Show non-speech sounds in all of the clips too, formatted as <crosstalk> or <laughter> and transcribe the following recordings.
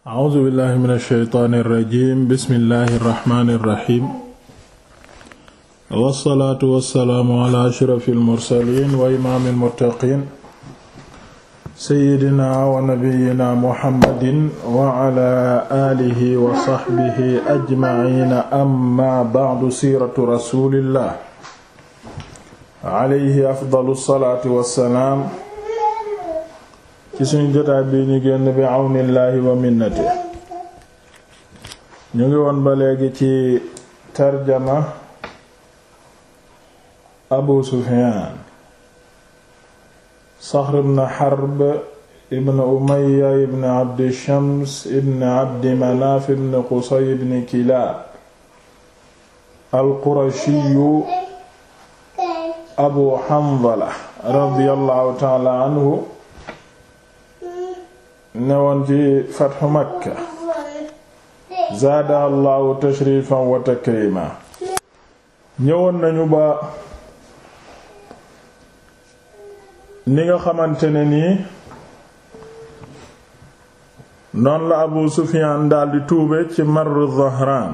A'uuzu billahi mina shaytaani rajiim bismillahi rahmaani rahiim. Wassalaatu wassalaamu alaa ashrafil mursaliin wa imaamil muttaqiin. Sayyidinaa wa nabiyyinaa Muhammadin wa alaa aalihi wa sahbihi ajma'iina ammaa ba'du siiratu rasuulillah. Alayhi afdalu salaatu wassalaam. ci suñu jotaay bi ñu génn bi àwnillaahi wa minnati ñu ngi woon ba léegi ci tarjama abu sufiyaan saxr ibn harb ibn umaya ibn abdi shams ibn abdi manaaf ibn qusay ibn kilaab al qurashiyu abu hanzala radiyallahu taala anhu newoon ci fatxu ñëwoon nañu ba ni nga xamante ne nii noon la abu sufiyaan daldi tuube ci marru zahraan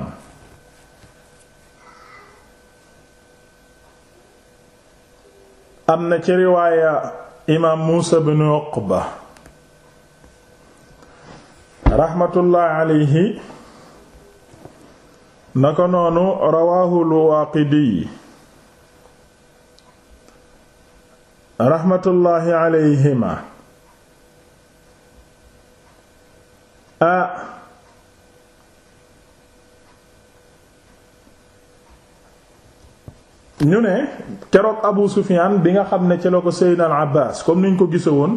am na ci riwaaya imaam muusa bnu uqba raxmatullahi alayhi naka noonu rawaahu lwaaqidi raxmatullahi alayhima a ñu ne keroog abu sufiyaan bi nga xam ne ci la ko seydina al abbaas comme niñ ko gise woon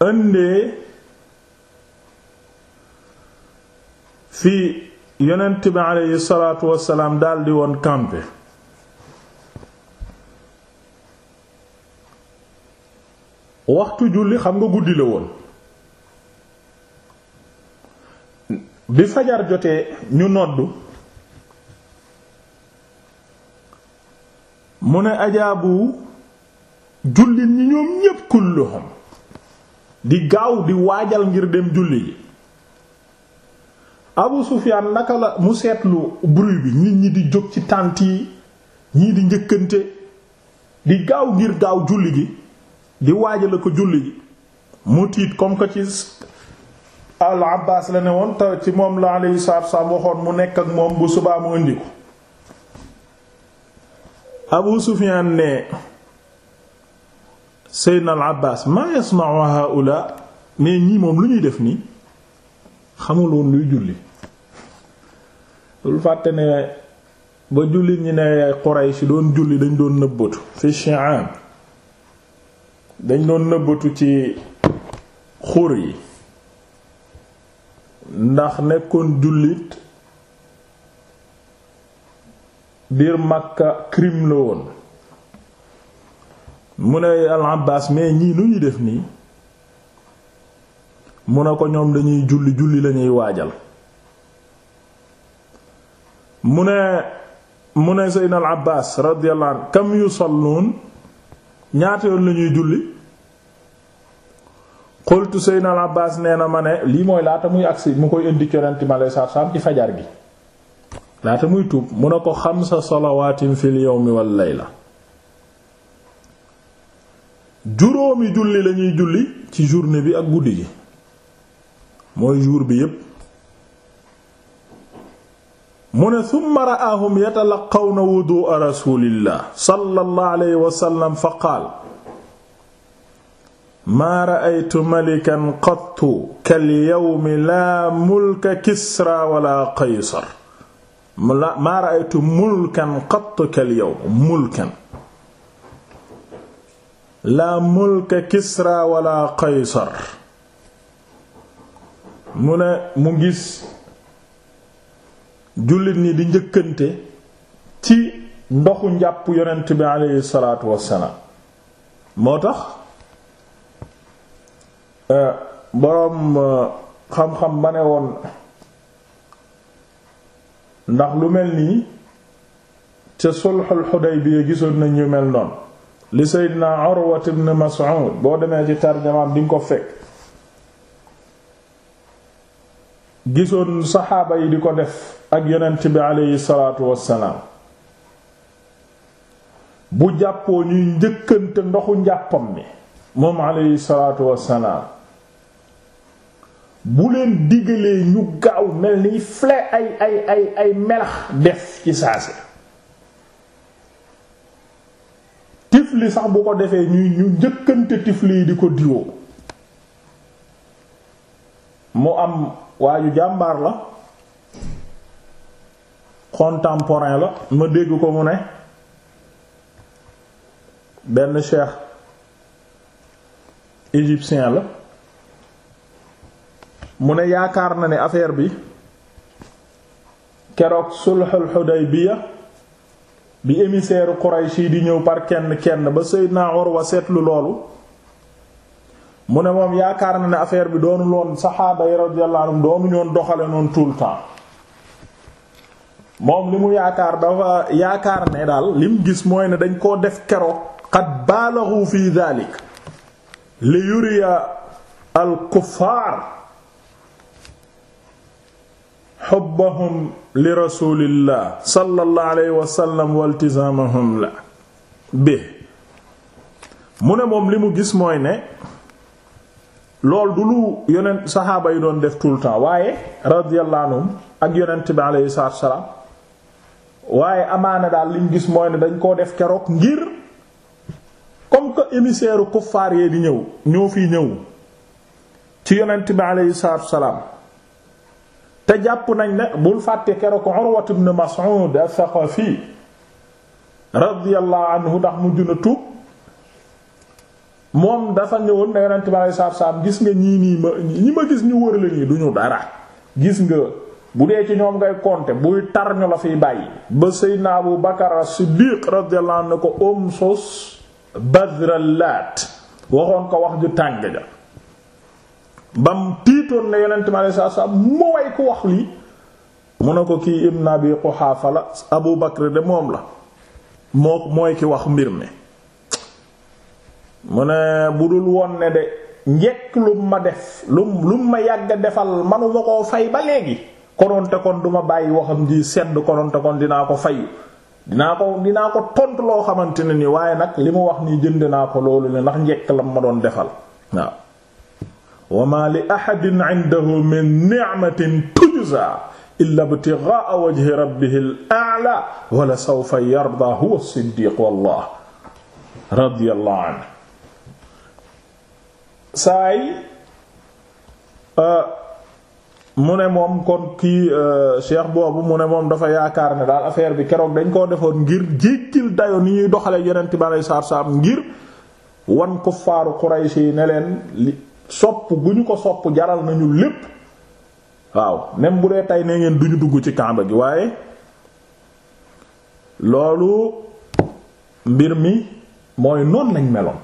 indee fii yonent bi aleyhi salaatu wasalaam daldi woon campé waxtu julli xam nga guddi la woon bi fajar jotee ñu noddu mu ne ajaabu jullit ñi ñoom ñépp kulluhum di gaaw di waajal ngir dem julli ji Abu Sufyaan naka la mu seetlu buri bi nit ñi di jóg ci tànt yi ñii di njëkkante di gaaw ngir gaaw julli ji di waajal ko julli ji mu tiit comme ci al Abbaas la ne woon te ci moom la alayhi salaatu salaam waxoon mu nekk ak moom bu subaa mu indi ko Abu Sufyaan ne Seydina al Abbaas maa yasma'u haa'ulaa mais ñii moom lu ñuy def nii xamul woon luy julli lu fàtte ne ba julli ñi ne Quraysh doon julli dañ doon nëbbatu fi shi'aan dañ doon nëbbatu ci xur yi ndax nekkoon jullit biir Makka crime la woon mu ne al Abbaas mais ñii nu ñuy def nii mu ne ko ñoom dañuy julli julli lañuy waajal mu ne mu ne Seydina al Abbaas radiyallahu anhu kam yusalluun ñaata yoon lañuy julli xultu Seydina al Abbaas nee na ma ne lii mooy laata muy agsi mu koy indi corenti ma lay saar saam ci fajar gi laata muy tuub mu ne ko xam xamsa salawaatin fil yawmi wal la juróomi julli lañuy julli ci journée bi ak guddi gi mooy jour bi yépp mu ne summa ra'ahum yatalaqawna wudu'a rasulillah sallallahu alayhi wa sallam fa qaal maa ra'aytu malikan qattu kal yawmi laa mulka kisra wala qaysar maa ra'aytu mulkan qattu kal yawm mulkan laa mulka kisra wala qaysar mu ne mu gis jullit ñi di njëkkante ci ndoxu njàpp yonent bi aleyhi salaatu wassalaam moo tax euh, boroom euh, xam-xam ba ne woon ndax lu mel nii ca sulhul Hudaybiya gisoon nañ ñu mel noon li Seydina Urwa ibn Mas'ud boo demee ci tarjamaam di nga ko fekk gisoon saxaaba yi di ko def ak yonent bi aleyhi salaatu wassalaam bu jàppoo ñuy njëkkante ndoxu njàppam mi moom aleyhi salaatu wassalaam bu leen digalee ñu gaaw mel ni flé ay ay ay ay melax def ci saase tifli sax bu ko defee ñuy ñu njëkkante tifli yi di ko diwoo mu am waaju jàmbaar la contemporain la ma dégg ko mu ne benn cheikh égyptien la mu ne yaakaar na ne affaire bi keroog sulhul Hudaybiya bi émissaire Quraysh di ñëw par kenn kenn ba Seydina wa seetlu loolu mu ne moom yaakaar na ne affaire bi doonu loon saxaaba yi radiyallahu anhum doonu ñoon doxale noonu tout temps moom li mu yaakaar dafa yaakaar ne daal lim gis mooy ne dañ koo def keroog qad baalaxu fi dalik li yuriya al xubbahum li rasulillah sallallahu alayhi wa sallam wa la bi mu ne moom li mu gis mooy ne lool du lu yonent saxaaba yi doon def tout le temps waaye radiyallahu anhum ak yonent bi alayhi salaatu wa salaam waaye amaana daal li gis mooy ne dañ koo def keroog ngir comme que émissaire kuffaar yee di ñëw ñoo fi ñëw ci yonent bi alayhi salaatu wa te jàpp nañ ne bul fàtte keroog Urwa ibn Mas'ud as-Saqafi radiyallahu anhu ndax mujj na tuub moom dafa ñëwoon ne Yonent bi alayhi salaatu salaam gis nga ñii nii ma ñi ma gis ñu wër la nii du dara gis nga bu dee ci ñoom ngay compter buy tar ñu la fiy bàyyi. ba Seydina Abu Bakar as-Siddiq radiyallahu anhu ko umsus badral laat waxoon ko wax ju tàng ja. bam tiitoon ne yonent mi aleyhi salaatu salaam moo ku wax lii mu ne ko kii ibn abi Quhaafa la Abu Bakr de moom la moo mooy ki wax mbir mi mu ne bu woon ne de njekk lum ma def lum lum ma yàgg defal manuma koo fay ba léegi kononte kon duma bàyyi waxam ji sedd kononte kon dinaa ko fay dinaa ko dinaa ko tontu loo xamante ne ni waaye nag li mu wax nii jën naa ko loolu ne ndax njekk lam ma doon defal waaw wa ma li ahadin indahu min ni'matin tujza illa ibtigha'a wajhi rabbihi al-a'la wa la yarda huwa as-siddiq wallah radiyallahu saay euh, mu moom kon kii euh, cheikh boobu mu ne moom dafa yaakaar ne daal affaire bi keroog dañ koo defoon ngir jéggil dayo ni ñuy doxale yonent bi aleyhi salaatu ngir wan kuffaaru Quraysh yi sopp gu ñu ko sopp jaral nañu lépp waaw même bu dee tey nee ngeen duñu dugg ci kàmba gi waaye loolu mbir mi mooy noon lañ meloon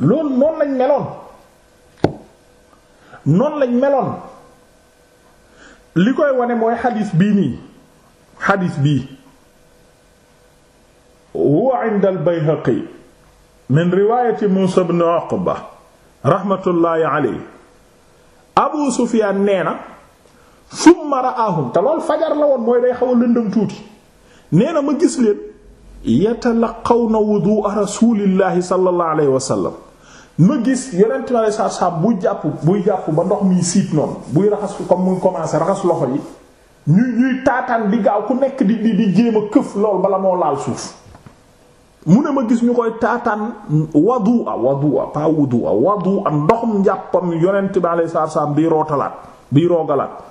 lool noonu lañ meloon noon lañ meloon li koy wane mooy xadiis bii nii xadis bii huwa inda al Bayhaqi min riwaayati Muusaa ibn Uqba raxmatullaahi alayhi abu sufiyaan nee na summa raahum te lool fajar la woon mooy day xaw a lëndëm tuuti nee na ma gis leen xaw wudu'a rasuulillaahi sallallahu alayhi wa sallam ma gis yonent bi alayhi salaam buy jàpp buy jàpp ba ndox mi siit noonu buy raxas comme mu commencé raxas loxo yi ñuy ñuy taataan di gaaw ku nekk di di di jéem a këf lool bala moo laal suuf mu ne ma gis ñu koy taataan wadu a wadu a pas ndoxum njàppam yonent bi alei saatu salaam bii rootalaat bii roogalaat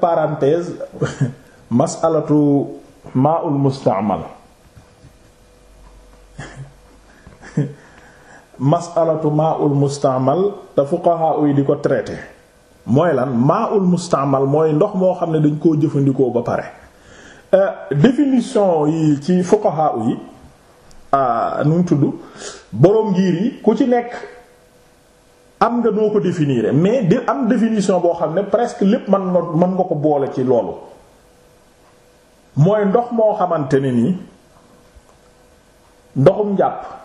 <laughs> entre masalatu maaul mustaamal <laughs> masalatu maaul mustaamal te fuqaha yi di ko traité mooy lan maa ul mustaamal mooy ndox moo xam ne dañ koo jëfandikoo ba pare euh, définition yi ci fuqaha yi euh, nu mu tudd boroom ngir yi ku ci nekk am nga noo ko définir mais di am définition boo xam ne presque lépp mën nga mën nga ko boole ci loolu mooy ndox moo xamante ne nii ndoxum njàpp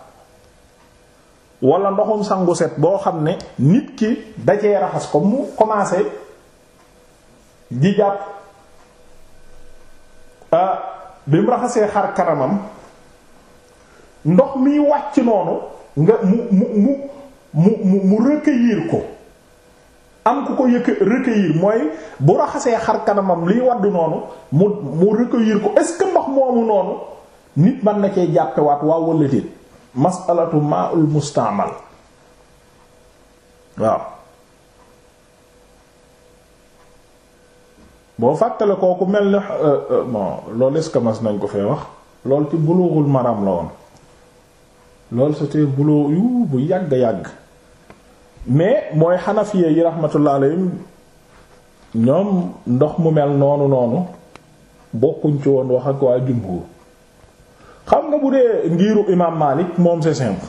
wala ndoxum sangu set boo xam ne nit ki dajee raxas ko mu commencé di jàpp ah bi mu raxasee xar kanamam ndox miy wàcc noonu nga mu mu mu mu mu recueillir ko am ku ko yëkk recueillir mooy bu raxasee xar kanamam liy waddu noonu mu mu recueillir ko est-ce que ndox moomu noonu nit mën na cee jàppewaat waa walla déet masalatu maaul mustaamal waaw boo fàttale kooku mel ni euh, euh, bon loolu est nañ ko fee wax loolu ci bulughul maram la woon loolu c'était bulugh yu bu yàgg-yàgg mais mooy xanafiye yi rahmatullah alayhim ñoom ndox mu mel noonu noonu bokkuñ ci woon wax ak waa jumhur xam nga bu dee ngiiru imaam Maalik moom c'est simple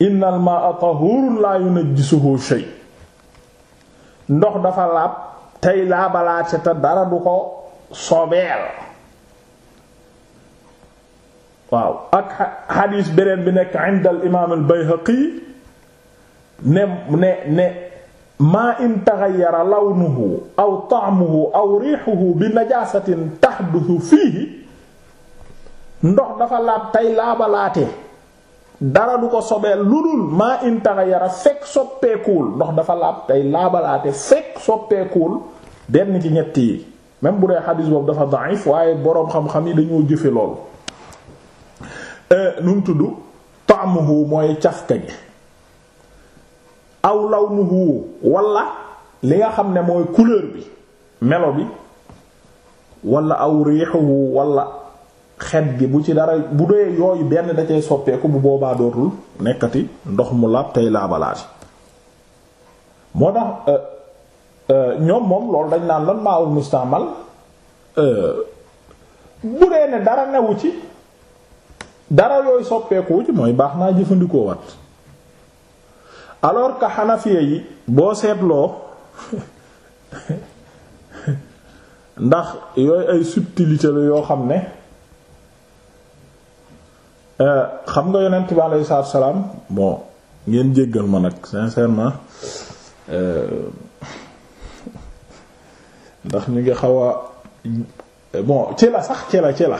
innal ma'a tahurun la yunajjisuhu shay ndox dafa laab tey laabalaate te dara du ko sobeel waaw ak xadiis beneen bi nekk inda al imaam al Bayhaqi ne ne ne maa in taghayyara lawnuhu aw ta'muhu aw riihuhu bi najaasatin tahduthu fiihi ndox dafa laab tey laabalaatee dara du ko sobee lu dul maa intana yara fekk soppeekuwul ndox dafa laab tey laabalaate fekk soppeekuwul benn ci ñett yi même bu dee xadiis boobu dafa da'if waaye boroom xam-xam yi dañoo jëfe loolu euh, nu mu tudd ta'muhu mooy cafka gi aw lawnuhu wala li nga xam ne mooy couleur bi melo bi wala aw riixuhu wala xet gi bu ci dara bu doyee yooyu benn da soppeeku bu boobaa dootul nekkati ndox mu laab tey laabalaati moo tax euh, euh, ñoom moom loolu dañ naan lan maawul mustaamal euh, bu dee ne dara newu ci dara yooyu soppeeku ci mooy baax naa jëfandikoo wat alors que xanafiya yi boo seetloo <laughs> ndax yooyu ay subtilité la yoo xam ne Euh, xam nga yonent bi alayhi salaam bon ngeen jéggal ma nag sincèrement euh, ndax ñu ngi xaw a bon ci la sax ci la ci la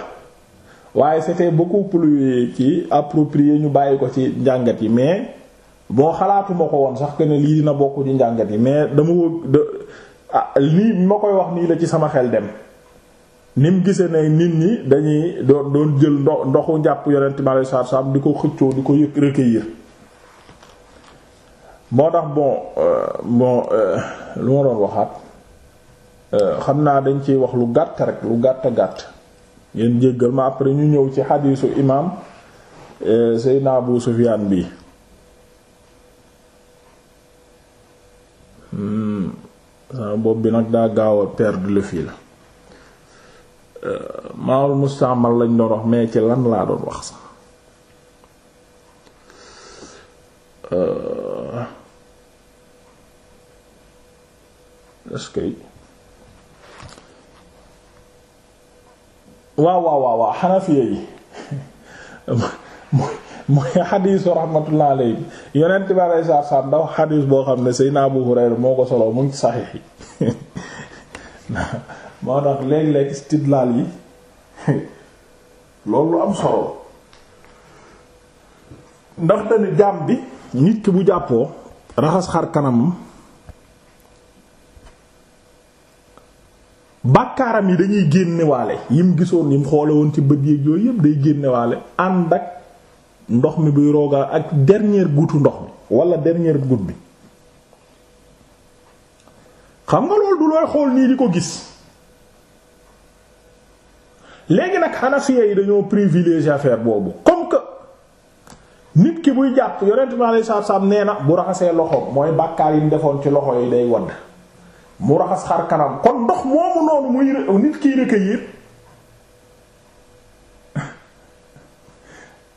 waaye c'était beaucoup plus ci approprier ñu bàyyi ko ci njàngat yi mais boo xalaatuma ko woon sax que ne lii dina bokk ci njàngat yi mais dama ko de ah lii ma koy wax nii la ci sama xel dem. ni mu gisee ne nit ñi dañuy doon doon jël ndox ndoxu njàpp yonent bi alayhi di ko xëccoo di ko yëg recueillir moo tax bon euh, euh, lu ma doon waxaat euh, xam naa dañ ci wax lu gàtt rek lu gàtt gàtt ngeen jéggal ma après ñu ñëw ci xadiisu imaam Seydina Abu Sufyaan bi hmm, sama bopp bi nag daa gaaw a perdre le fil maawul mustaamal lañ doon wax mais ci lan laa doon wax sax euh, est-ce que waaw waaw waaw waaw xanafiya yi <laughs> mooy xadiisu raxmatullah alayhi yonent bi alayhi salaatu salaam xadiis boo xam ne Seydina Abu Hurayra moo ko solo mu saxiix yi <laughs> moo tax léeg-léeg istidlaal yi loolu am solo ndax dañu jaam bi nit ki bu jàppoo raxas xar kanamam bàkkaaram yi dañuy génnewaale yim gisoon yim xoole woon ci bët yéeg yooyu yëpp day génnewaale ànd ak ndox mi buy roogal ak dernière guutu ndox mi wala dernière goutte bi xam nga loolu du looy xool nii di ko gis léegi nag xanafiya yi dañoo privilégié affaire boobu comme que nit ki buy jàpp yonent bi alayhi salaatu salaam nee na bu raxasee loxoom mooy bàkkaar yi mu defoon ci loxo yi day wadd mu raxas xar kanam kon ndox moomu noonu muy nit kiy recueillir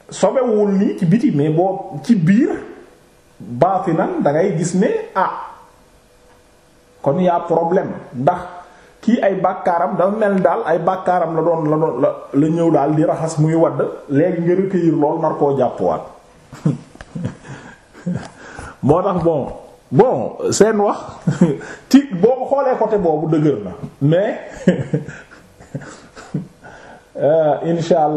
sobewul nii ci biti mais boo ci biir baati nan dangay gis ne ah kon y'a problème ndax. kii ay bàkkaaram dafa mel ni daal ay bàkkaaram la doon la doon la la ñëw daal di raxas muy wadd léegi nga recueillir lool nar koo jàppwaat <laughs> moo tax bon bon seen wax <laughs> ci boo ko xoolee côté boobu dëgër na mais <laughs> euh, insha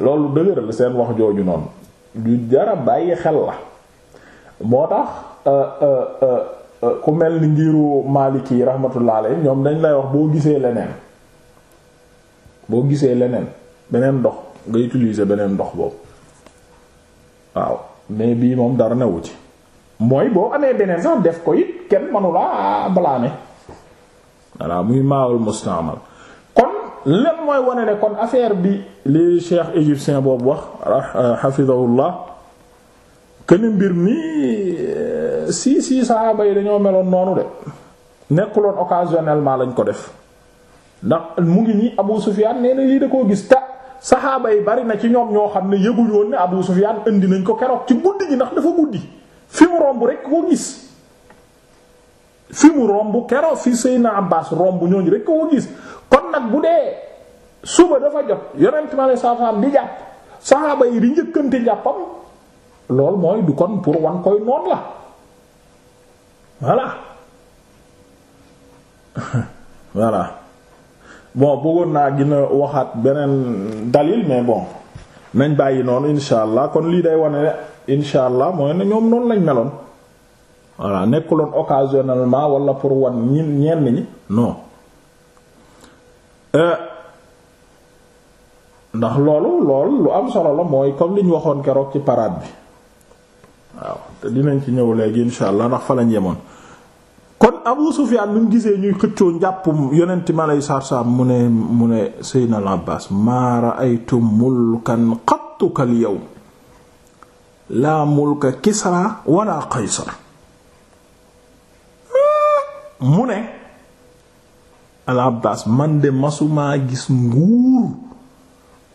loolu dëgër la seen wax jooju noonu du jara bàyyi xel la moo tax euh, euh, ku mel ni ngiru Maliki yi rahmatullah alayhi ñoom dañ lay wax boo gisee leneen boo gisee leneen beneen ndox nga utilise beneen ndox boobu waaw mais bii moom dara newu ci mooy boo amee beneen sax def ko it kenn manula blâmer voilà muy maawul mustaamal kon lem mooy wane ne kon affaire bi li cheikh égyptien boobu wax euh, hafidahullah këni mbir mi euh, si si saxaaba yi dañoo meloon noonu de nekkuloon occasionnellement lañ ko def ndax mu ngi nii Abu Sufyan nee na lii da koo gis ta saxaaba yi bari na ci ñoom ñoo xam ne yëguñ woon ne Abu Sufyan indi nañ ko keroog ci guddi gi ndax dafa guddi fi mu romb rek ko gis fi mu romb keroog fi Seyna Abbas romb ñooñu rekk ko gis kon nag bu dee suba dafa jot yonent ma ne saxaam di jàpp saxaaba yi di njëkkante jàppam lool mooy du kon pour wan koy noon la voilà <laughs> voilà bon bëggoon naa gën waxaat beneen dalil mais bon nañ bàyyi noonu insha allah kon lii day wane ne insha allah mooy ne ñoom noonu lañ meloon voilà nekkuloon occasionnellement wala pour wan ñi ñenn ñi non euh, ndax loolu loolu lu am solo la mooy comme li ñu waxoon keroog ci paraat bi waaw te dinañ ci ñëw léegi insha allah ndax fa lañ yemoon kon Abu Sufyan bi mu gisee ñuy xëccoo njàppum yonent ma lay saar-saam mu ne mu ne Seydina al-Abbaas maa ra'aytu mulkan qattu kal laa mulka Kisra wala Qaysar mu ne al man de masumaa gis nguur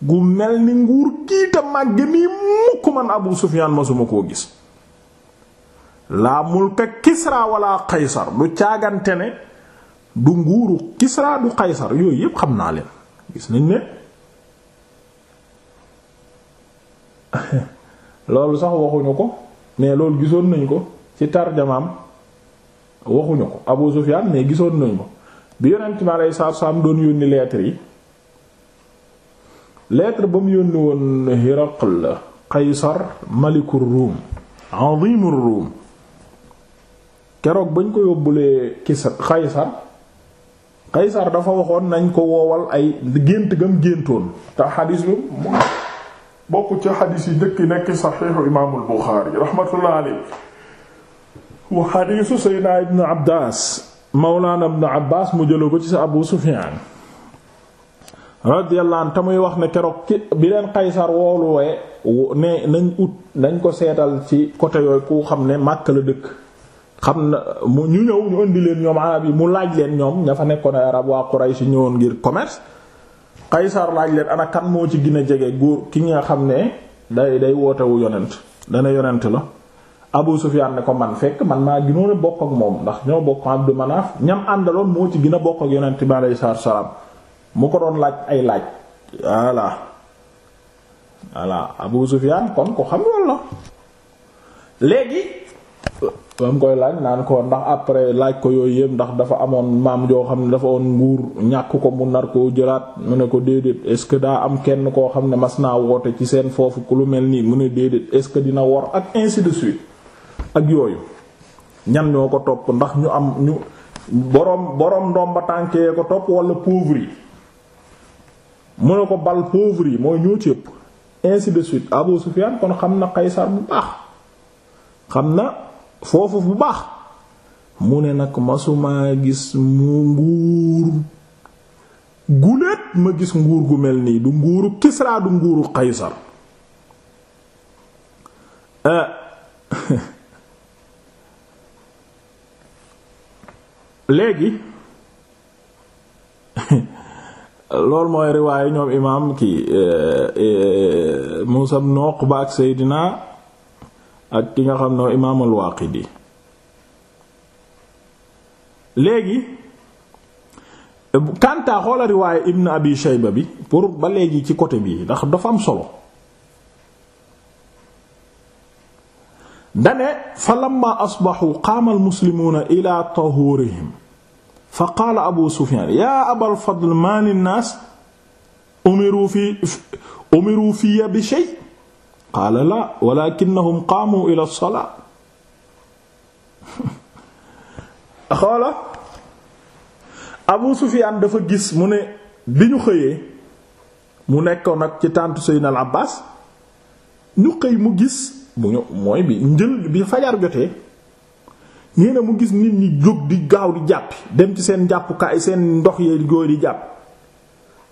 gu mel ni nguur kii te màgge nii mukk man Abu Sufyan masuma koo gis laa mulka kisra wala qaysar du caagante ne du nguuru kisra du qaysar yooyu yépp xam naa leen gis nañ ne <laughs> loolu sax waxuñu ko mais loolu gisoon nañ ko ci tarjamaam waxuñu ko Abu Sufyan mais gisoon nañ ko bi yonent mi alayhi salaatu salaam doon yónni lettre yi lettre ba mu yónni woon la Qaysar malikur Rum azimur Rum keroog bañ ko yóbbulee kisa Kaysar Kaysar dafa waxoon nañ ko woowal ay gént gam géntoon te xadis bi mu bokk ci xadis yi njëkk nekk saxiixu imaamul Buxaari raxmatullaahi alayhi wa xadiisu Seydina Ibn Abbaas Mawlaana Ibn Abbaas mu jëloo ko ci sa Abu Sufyaan radiyallahu anhu te muy wax ne keroog ki bi leen Qaysar wooluwee ne nañ ut nañ ko seetal ci côté yooyu ku xam ne Makka la dëkk xam na mu ñu ñëw ñu indi leen ñoom arab yi mu laaj leen ñoom ña fa nekkoon ay arab waa Quraysh ñëwoon ngir commerce Qaysar laaj leen ana kan moo ci gën a jege góor ki nga xam ne day day wootewu yonent dana yonent la Abu Sufyan ne ko man fekk man maa gënoon a bokk ak moom ndax ñoo bokk Abdu a ñam àndaloon moo ci gën a bokk ak yonent bi alayhi salaatu salaam mu ko doon laaj ay laaj voilà voilà Abu Sufyan kon ko xam loolu léegi ba mu koy laaj ko ndax après laaj ko yooyu yëpp ndax dafa amoon maam joo xam ne dafa woon nguur ñàkk ko mu nar koo jëlaat mu ne ko déedéet est-ce que daa am kenn koo xam ne mas naa woote ci seen foofu ku lu mel nii mu ne déedéet est-ce que dina wor ak ainsi de suite ak yooyu ñan ñoo ko topp ndax ñu am ñu boroom boroom ndomba tànkee ko topp wala pauvre yi mu ne ko bal pauvre yi mooy ñoo ci ëpp ainsi de suite Abu Sufyan kon xam na Qaysar bu baax xam na foofu bu baax mu ne nag masumaa gis mu nguur guléet ma gis nguur gu mel nii du nguuru Kisra du nguuru Qaysar euh, <laughs> léegi <laughs> loolu mooy riwaayu ñoom imaam ki euh, euh, Musab noq ba ak seydinaa ak ki nga xam ne imaam al-Waaqidi léegi Kanta xoola riwaaye Ibn Abi Shayba bi pour ba léegi ci côté bi ndax dafa am solo dane fa lamma asbaxu qaama almuslimuuna ila tahuurihim fa qaala abu sufyaan yaa abal fadl maa linnaas umiru fi umiru fiya bi shay qaala la walakinnahum qaamu ila salaa xoola abu sufiyaan dafa gis mu ne bi ñu xëyee mu nekkoon nag ci tàntu seydna al abbaas ñu xëy mu gis bu ñu mooy bi njël bi fajar jotee nee na mu gis nit ñi jóg di gaaw di jàpp dem ci seen jàppukaay seen ndox yee góor di jàpp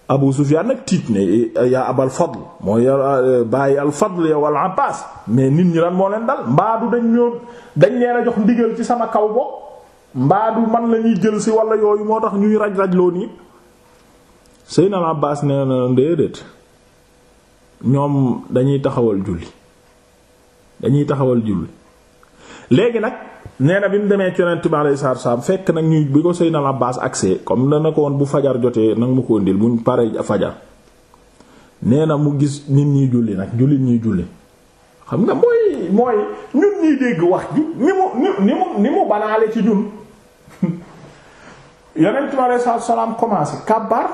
Abu Sufyaan nag tiit ne eh, yaa Abal Fadl mooy eh, bàyyi al Fadl yow al Abbaas mais nit ñi lan moo leen dal mbaadu dañ ñoo dañ leen a jox ndigal ci sama kaw bo mbaadu man la ñuy jël si wala yooyu moo tax ñuy raj raj loo nii. sëy al Abbaas nee na déedéet ñoom dañuy taxawal julli dañuy taxawal julli léegi nag. nee na bi mu demee ci yonent bi alayhi salaatu salaam fekk nag ñuy bi ko Seydina Abbaas agsee comme dana ko woon bu fajar jotee nag mu ko bu buñ paree fajar nee na mu gis nit ñi julli nag jullit ñi julli xam nga mooy ni mu ni mu ni mu banaale ci ñun <laughs> yonent bi alayhi salaam commencé kàbbar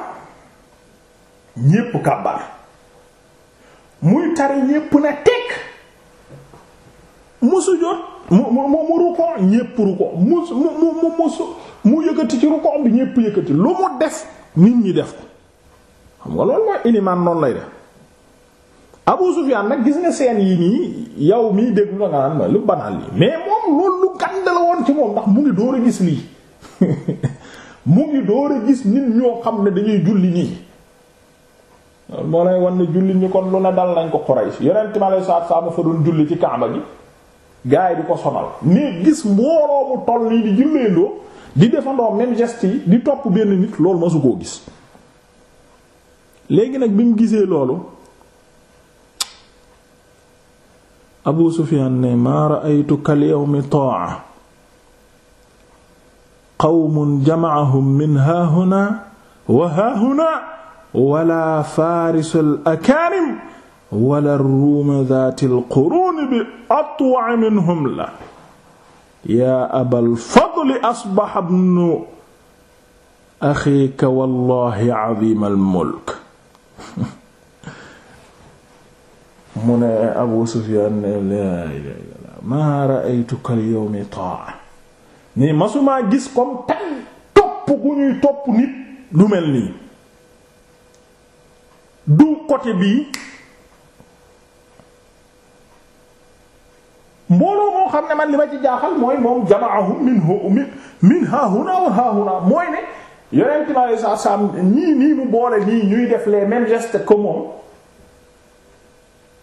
ñépp kàbbar muy tari ñépp na teg mu sujjóot mu mu mu rukkoo ñépp rukkoo mu mu mu mu mu yëkkati ci rukkoo bi ñépp yëkkati lu mu def nit ñi def ko xam nga loolu mooy inimaan noonu lay def Abu Sufyaan nag gis nga seen yi nii yow miy dégg nga naan ma lu banal yi mais moom loolu lu ci moom ndax mu ngi door a gis lii <laughs> mu ngi door a gis nit ñoo xam ne dañuy julli nii moo lay wan ne julli ñi kon lu ne dal nañ ko Quraysh yonent ma lay saat saa ma fa doon julli ci Kaaba gi gaa yi du ko sonal mais gis mbooloo toll nii di julleendoo di defandoo même di topp benn nit loolu masu koo gis léegi nag bi mu gisee loolu Abu Sufyan ne maa ra'aytu kal yawmi ta'a qawmun min haahuna wa haahuna wala farisul wala ruuma daatil quruuni bi atwa minhum la yaa abal fadli asbax ibnu axiika wallaahi aziimal mulk <laughs> mu ne Abu Sufyaan ne laa ilaaha illallaah maa ra'aytuka al-yawma taa'a nii masumaa gis comme tey topp gu ñuy topp nit lu mel nii du côté bii mbooloo moo xam ne man li ma ci jaaxal mooy moom jamaahum min min min ha huna mooy ne yonent bi alayhi salaatu salaam nii nii boole nii ñuy def les mêmes gestes que moom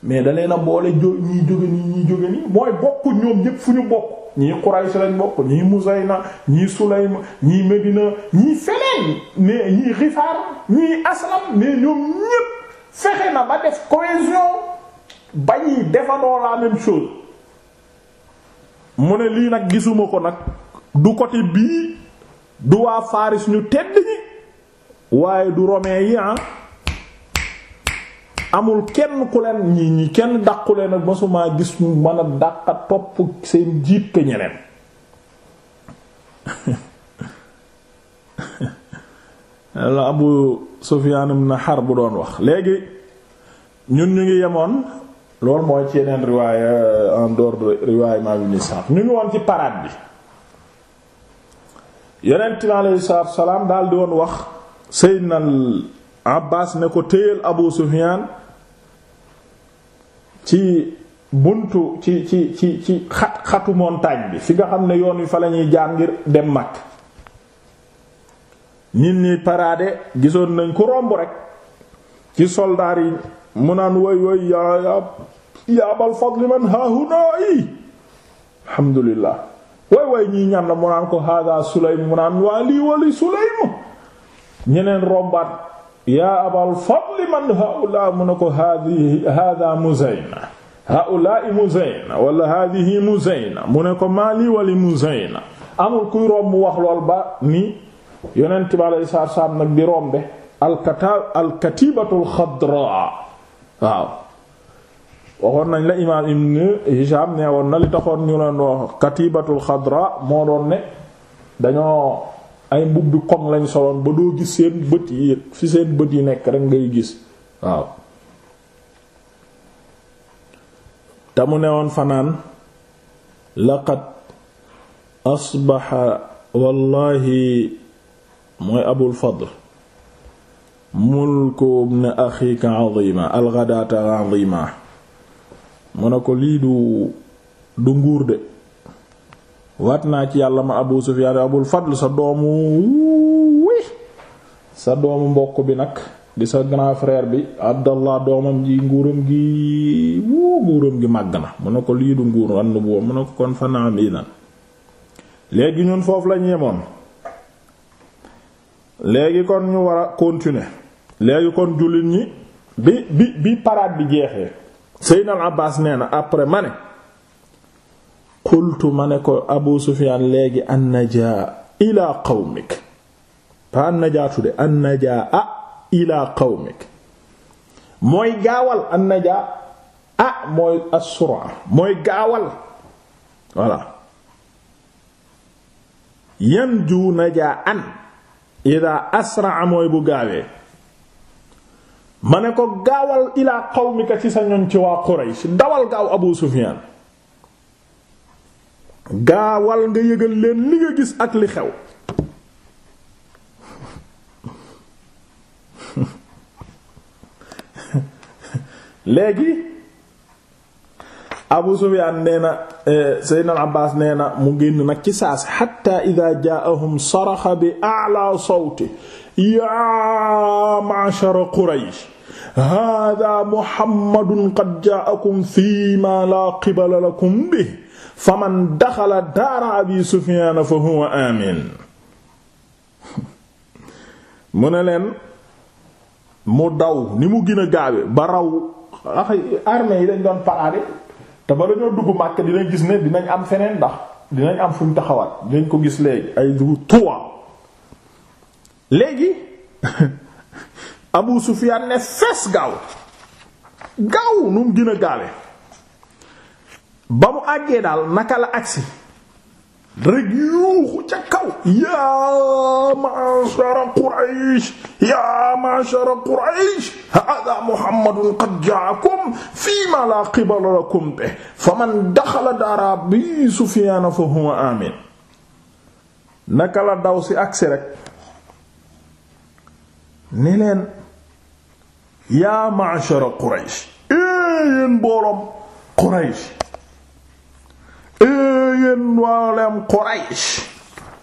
mais da leen a boole jó ñii jóge nii ñii jóge mooy bokk ñoom ñépp fu ñu bokk ñii Quraysh lañ bokk ñii Muzayna ñii Sulaym ñii Medina ñii feneen mais ñii Ghifaar ñii Aslam mais ñoom ñépp fexe na ba def cohésion bañi defandoo la même chose mu ne lii nag gisuma ko nag du koti bii du waa Faris ñu tedd ñi waaye du romain yi ah. amul kenn ku leen ñi ñi kenn dàqu leen ak masumaa gis ñu mën a dàqa topp seen jiit ke ñeneen la Abu Sufyan ibn Harb bu doon wax léegi ñun ñu ngi yemoon loolu mooy ci yeneen riwaaya euh, en dehors de riwaaya ma ibn ñu ngi woon ci parade bi yonent bi aleyhi salaam daal di woon wax Seydina Abbaas ne ko téyel Abu Sufyaan ci buntu ci ci ci ci xat xatu montagne bi fi nga xam ne yoon wi fa la ñuy jaar ngir dem mag nit ñi parade gisoon nañ ku romb rek ci soldaar yi mu naan way way yaa yaa abal fadli man haahuna i alhamdulillah way way ñii ñan mu naan ko hada sulaym mu naan waa lii wali sulaym ñeneen rombaat yaa abal fadli man haula mu ne ko hadi hada muzayna haula muzayna wala hadihi muzayna mu ne ko maa lii wali muzayna amul kuy romb wax lool ba ni yonent bi alayhi salaam nag di rombe alkatibatul xadra waaw waxoon nañ la imaam ibn Hisham nee woon na li taxoon ñu leen wax katibatul xadra moo doon ne dañoo ay mbubb koŋ lañ soloon ba doo gis seen bët yi fi seen bët yi nekk rek ngay gis waaw te mu ne woon fanaan laqad asbaxa wallahi mooy abul fadl mulku ibn axika azima alxadaata azima mu ne ko lii du du nguur de waat naa ci yàlla ma abu sufiyaan abul fadl sa doomu wi sa doomu mbokk bi nag di sa grand frère bi abdallah doomam ji nguuram gi wuu nguuram gi màgg na mu ne ko lii du nguur ànd boobu mu ne ko kon fanaan bii nag léegi ñun foofu lañu yemoon léegi kon ñu war a continuer léegi kon jullit ñi bi bi bi paraat bi jeexee Seydina al Abbaas nee na après ma ne qultu ma ne ko Abu Sufyaan léegi an najaa ila qawmik pa an najaatu de an najaa a ila qawmik mooy gaawal an najaa a mooy as-sur'a mooy gaawal voilà yanju najaa an ida asraa mooy bu gaawee ma ne ko gaawal ilaa qawmika ci sa ñoñ ci waa Quraysh dawal gaaw Abu Sufyaan gaawal nga yëgal leen li nga gis ak li xew <laughs> léegi Abu Sufyaan nee na eh, Abbaas nee na mu génn nag ci saas xatta idaa jaa'ahum saraxa bi a'laa sawti yaa ma'shara Quraysh haadaa Muhammadun qad jaa'akum fiimaa laa qibala lakum bihi faman daxala daara Abi Sufyaan fa huwa aamin <laughs> mu ne leen mu daw ni mu gën gaawe ba raw ah, armée yi dañ doon parade te bala ñoo dugg Makka dinañ gis ne dinañ am feneen ndax dinañ am fuñ taxawaat dinañ ko gis léegi ay dugg tuwa léegi <laughs> Abu Sufyaan ne fees gaaw gaaw nu mu gën a ba mu àggee daal naka la agsi rek yuuxu ca kaw yaa ma'shara Quraysh yaa ma'shara Quraysh haadaa Muhammadun qad ja'akum fiimaa laa qibala lakum bihi faman daxala daara Abii Sufyaan fa huwa aamin naka la daw si agsi rek ne leen yaa ma'shara Quraysh eh, yéen mbooloom Quraysh Eh, yéen waalem Quraysh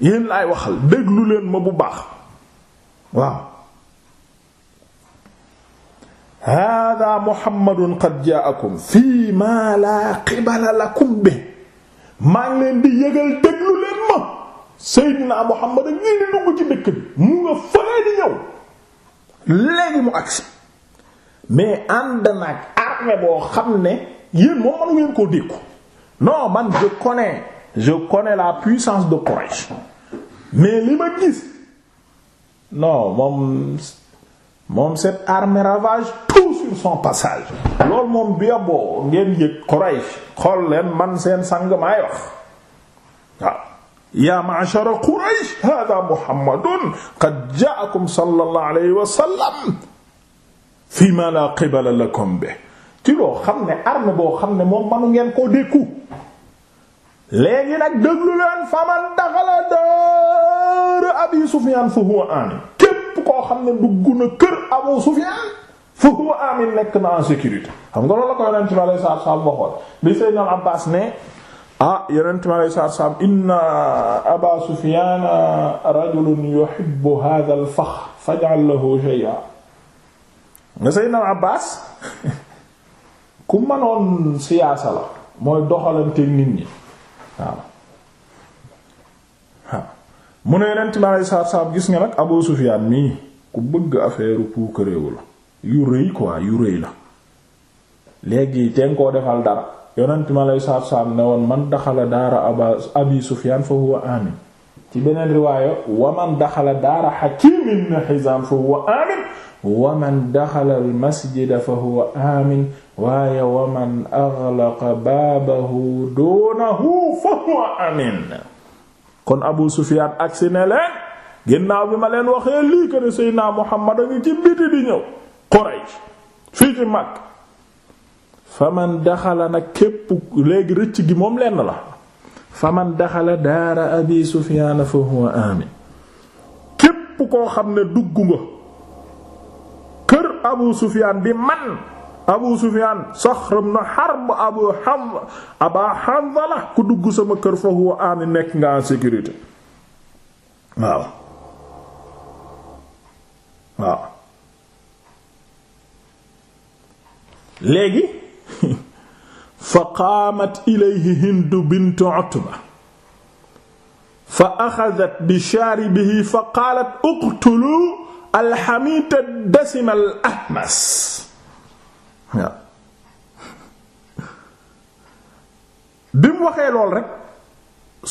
yéen laay waxal déglu leen ma bu baax waaw hada Muhammadun qad jaakum fii ma laa qibala lakum bi maa ngi leen di yëgal déglu ma Seydina Muhammad ak ñii di dugg ci dëkk bi mu nga fële di ñëw léegi mu agsi mais ànd naag armée boo xam ne yéen moom mënu ngeen koo dékku no man je connais je la puissance de Quraysh mais li ma gis moom moom cette tout sur son passage loolu moom bi yaboo ngeen yëg Quraysh xool leen man seen sang maay wax waaw ya ma'shara Quraysh hada Muhammadun qad ja'akum sallallahu alayhi wa sallam fima la qibala lakum bihi ci loo xam ne arme boo xam ne moom manu ngeen koo dékku léegi nag déglu leen faman daxala dër abi Sufyaan fa huwa amin képp koo xam ne dugg na kër Abu Sufyaan fa huwa amin nekk na en sécurité xam nga loolu la ko yonent bi alayhi salaatu salaam waxoon bi Seydina Abbaas ne ah yonent bi alayhi salaatu salaam inna Aba Sufyaan rajulun yuhibbu haadha al-fakhr faj'al lahu shay'an nga Seydina Abbaas ku mënoon siyaasa la mooy doxalante nit ñi waaw waaw mu ne yeneen time ay saab saab gis nga nag Abu Sufyaan mii ku bëgg affaire puukareewu la yu rëy quoi yu rëy la léegi teen koo defal dara yonent ma lay saab saab ne woon man daxala daara aba abi Sufyaan fa huwa amin ci beneen riwaaya wa man daxala daara Hakiim ibn Hizaam fa huwa amin wa man daxala almasjida fa huwa aamin waaye wa man baabahu doonahu fa huwa aamin kon abu sufiyaan agsi ne leen ginnaaw bi ma leen waxee lii ko ne seydinaa ngi ci biti di ñëw Quraysh fii ci mag fa man daxala nag képp léegi rëcc gi moom lenn la fa man daxala daara abi sufiyaan fa huwa aamin képp koo xam ne dugg nga kër Abu Sufyan bi man Abu Sufyan Saxr ibn Harb Abu Hamza Aba Hanzala ku dugg sama kër fa huwa amin nekk nga en sécurité waaw waaw léegi <laughs> fa qaamat ilayhi Hind bint Utba fa axadat bi shaaribihi fa qaalat uqtulu alxamid ad-dasim bi mu waxee lool rek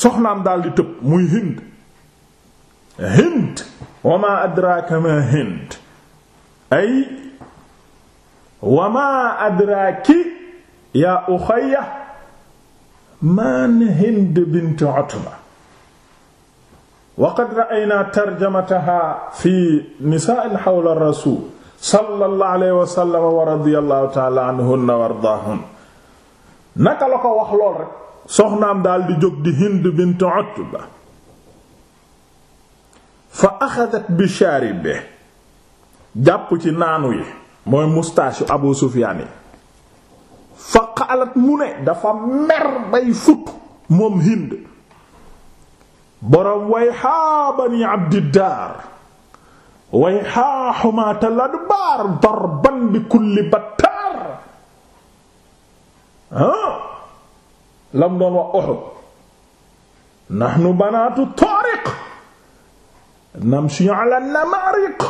soxnaam daal di tëb muy hind hind wa ma adraka hind ay wa ma adraki ya ukhayya hind bint utba waqad ra'aynaa tarjamataha fi nisaa'il hawla rasuul sallallahu alayhi wa sallam wa radiyallahu ta'ala anhunna wa ardaahunna naka la ko wax lool rek soxnaam daal di jóg di Hind bint Utba fa axadat bi jàpp ci naanu yi mooy mustaasu Abu Sufyaan fa qaalat mu ne dafa mer bay fut moom Hind boroom way xaa bani abdidaar way xaa xumaata ladbaar darban bi kulli battaar lam doon wax Uhud nahnu banaatu taariq namshi ala namaariq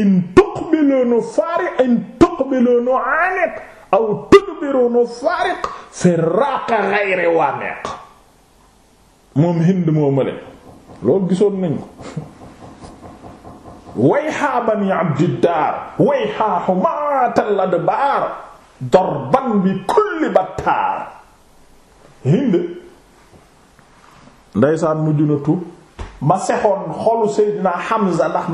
in tuqbilu nufaariq in tuqbilu nu'aaniq aw tudbiru nufaariq firaaqa ghayri waamiq moom hind moo mëne loolu gisoon nañ ko wayhaa bani abdiddaar wayhaa humaatal adbaar dorban bi kulli battaar hind ndeysaan mujj na tuub ba sexoon xolu seydina Hamza ndax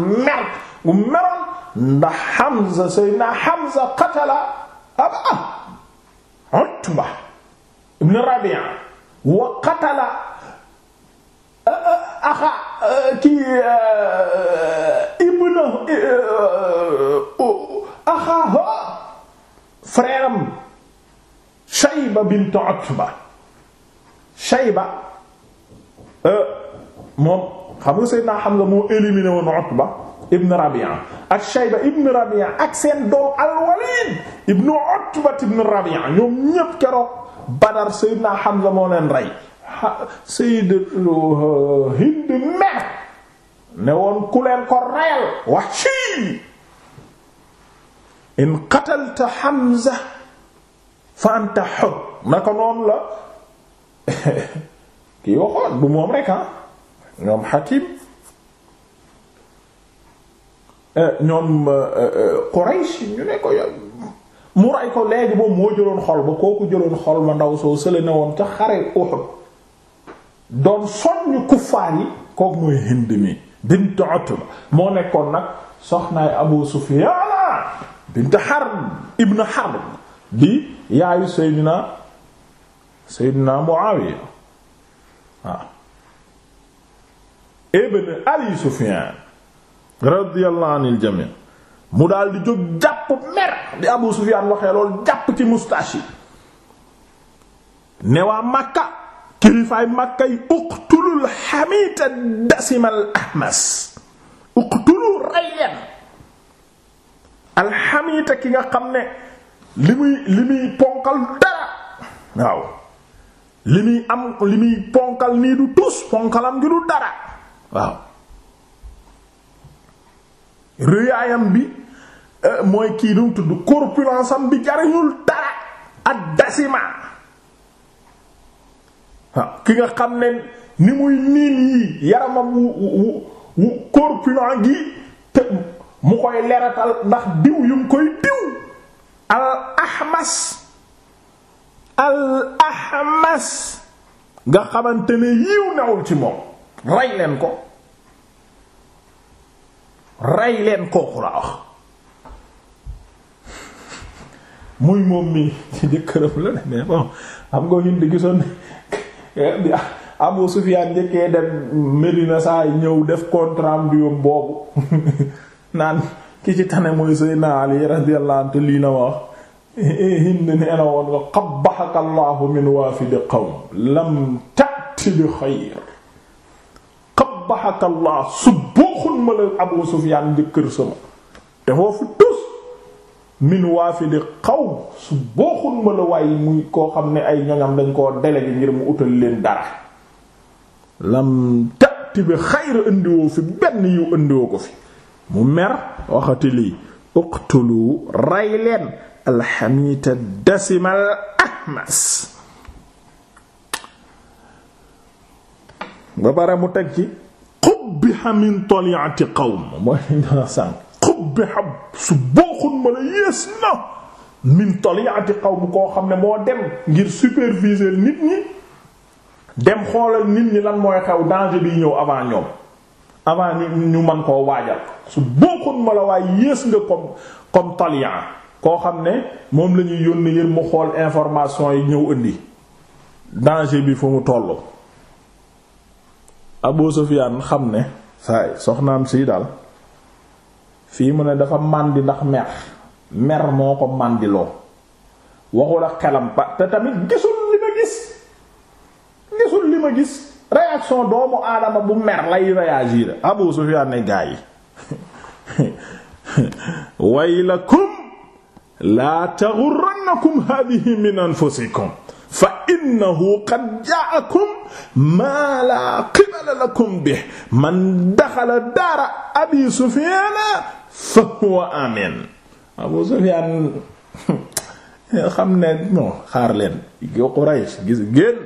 mer ndax Hamza seydina Hamza qatala aba Utba ibn Rabi'a wa qatala Euh, euh, euh, axa kii ibna axaha frère am Shayba bint Utba Shayba moom xam nga Seydina Hamza moo éliminé woon Utba ibn Rabi'a ak Shayba ibn Rabi'a ak seen doom al-Walid ibn Utba ibn Rabi'a ñoom ñépp keroog Badar Seydina Hamza moo leen rey sayyidatu Hind ne woon ku leen ko reyal Wahshi in qatalta Hamza fa anta hur naka noonu la <laughs> kii waxoon bu moom rek ah ñoom Hakim eh, ñoom eh, eh, Quraysh ñu ne ko yow mu rey ko léegi moom moo jëloon xol ba kooku jëloon xol ma ndaw soo sële ne woon ca xare Uhud doon soññ kuffaar yi kooku mooy Hind mi bint Utba moo nekkoon nag soxnaay Abu Sufyaan bint Harb ibn Harb di yaayu Seydina Seydina Muawiya waaw ibn Abi Sufyaan radiyallahu anil jamii mu daal di jóg jàpp mer di Abu Sufyaan waxee loolu jàpp ci moustache yi ne kilifaay Makka yi uqtulul xamiita dasimal ahmas uqtulu rayyan alxamiita ki nga xam ne li muy li muy ponkal dara waaw li muy am li muy ponkal nii du tus ponkalam gi du dara waaw rëyaayam bi eh, mooy kii nu tudd corpulence am bi jariñul dara ak waaw ki nga xam ne ni muy niin yii yaramam wu wu wu corpulent gi te mu koy leratal ndax diw yu mu koy diw al ahmas al ahmas nga xamante ne yiw nawul ci moom rey leen ko rey leen kooku laa wax muy moom mi ci jëkkëram la ne mais xam nga Hind gisoon Eh, Abu Sufyaan njëkkee dem Medina saa yi ñëw def compte rendu boobu <laughs> naan ki ci tane mooy Seydina Ali radiyallahu anhu lii la wax eh, eh, Hind nee na woon nga qabbahaka Allahu min waafidi qawm lam ta'ti bi xayr qabbahaka Allah subuuxun ma la Abu Sufyaan njëkkër sama te foofu tus min waafidi xaw su booxun ma la waaye muy koo xam ne ay ñoñam dañ koo délégué ngir mu utal leen dara lam tati bi xayra indiwoo fi benn yiw indiwoo ko fi mu mer waxati lii uqtulu rey leen alxamiita dasimal ahmas ba bare mu teg ci xubbi xamin xaw qawm mooy sànq qubbiha subuuxun ma la yées na min tali'ati qawm koo xam ne moo dem ngir superviser nit ñi dem xoolal nit ñi lan mooy xew danger bi ñëw avant ñoom avant ñu man koo waajal subuuxun ma la waaye yées nga comme comme tali'a koo xam ne moom lañuy ñuy yónni ngir mu xool information yi ñëw indi danger bi fu mu tollu Abu Sufyaan xam ne saay soxnaam si daal fii mu ne dafa màndi ndax mer mer moo ko màndiloo waxul a xelam pa te tamit gisul li ma gis gisul doomu aadama bu mer lay réagir Abu Sufyaan ne gaa yi <laughs> waylakum laa taxurrannakum haadihi min anfusikum fa innahu qad ja'akum maa laa qibala lakum bihi man daxala daara abi Sufyaana fa huwa amin Abu Sufyaan <laughs> xam ne moo xaar leen yo Quraysh gis génn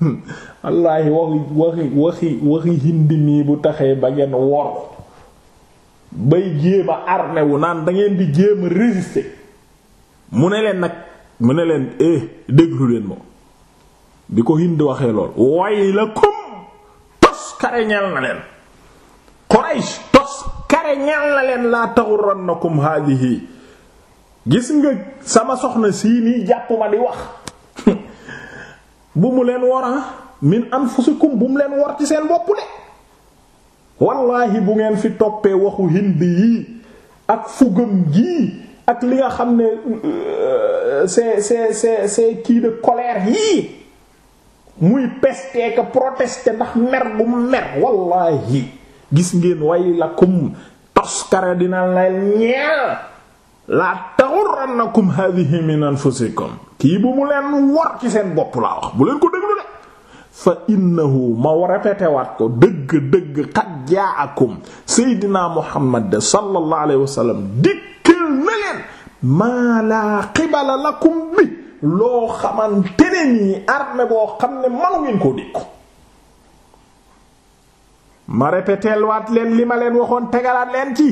<laughs> wallaahi waxi waxi waxi waxi hindi mii bu taxee ba ngeen wor bay jéem a wu naan dangeen ngeen di jéem a résister mu ne leen nag mu ne leen eh déglu leen moom bi ko hindi waxee lool way la comme tos kareñeel na leen Quraysh kare ñaan na leen laa taxurannakum haadihi gis nga sama soxna sii nii jàpp ma di wax <laughs> bu mu leen wora ah, min anfusikum bu mu leen wor ci seen bopp de wallaahi bu ngeen fi toppee waxu hindi yii ak fugam gii ak li nga xam ne euh, c'est c'est c'est c'est kii de colère yii muy pester ak protester ndax mer bu mer wallaahi gis ngeen way lakum toskare dina la ñeel la taxurannakum hadihi min anfusikum kii bu mu leen war ci seen bopp laa wax bu leen ko déglu de fa innahu ma répété waat ko dëgg dëgg xat jaakum muhammad sallallahu alayhi wasallam dikkal na maa laa xibala lakum bi loo xamante ne nii arme boo xam ne manu ngeen koo dékku ma répéteel waat leen li ma leen waxoon tegalaat leen ci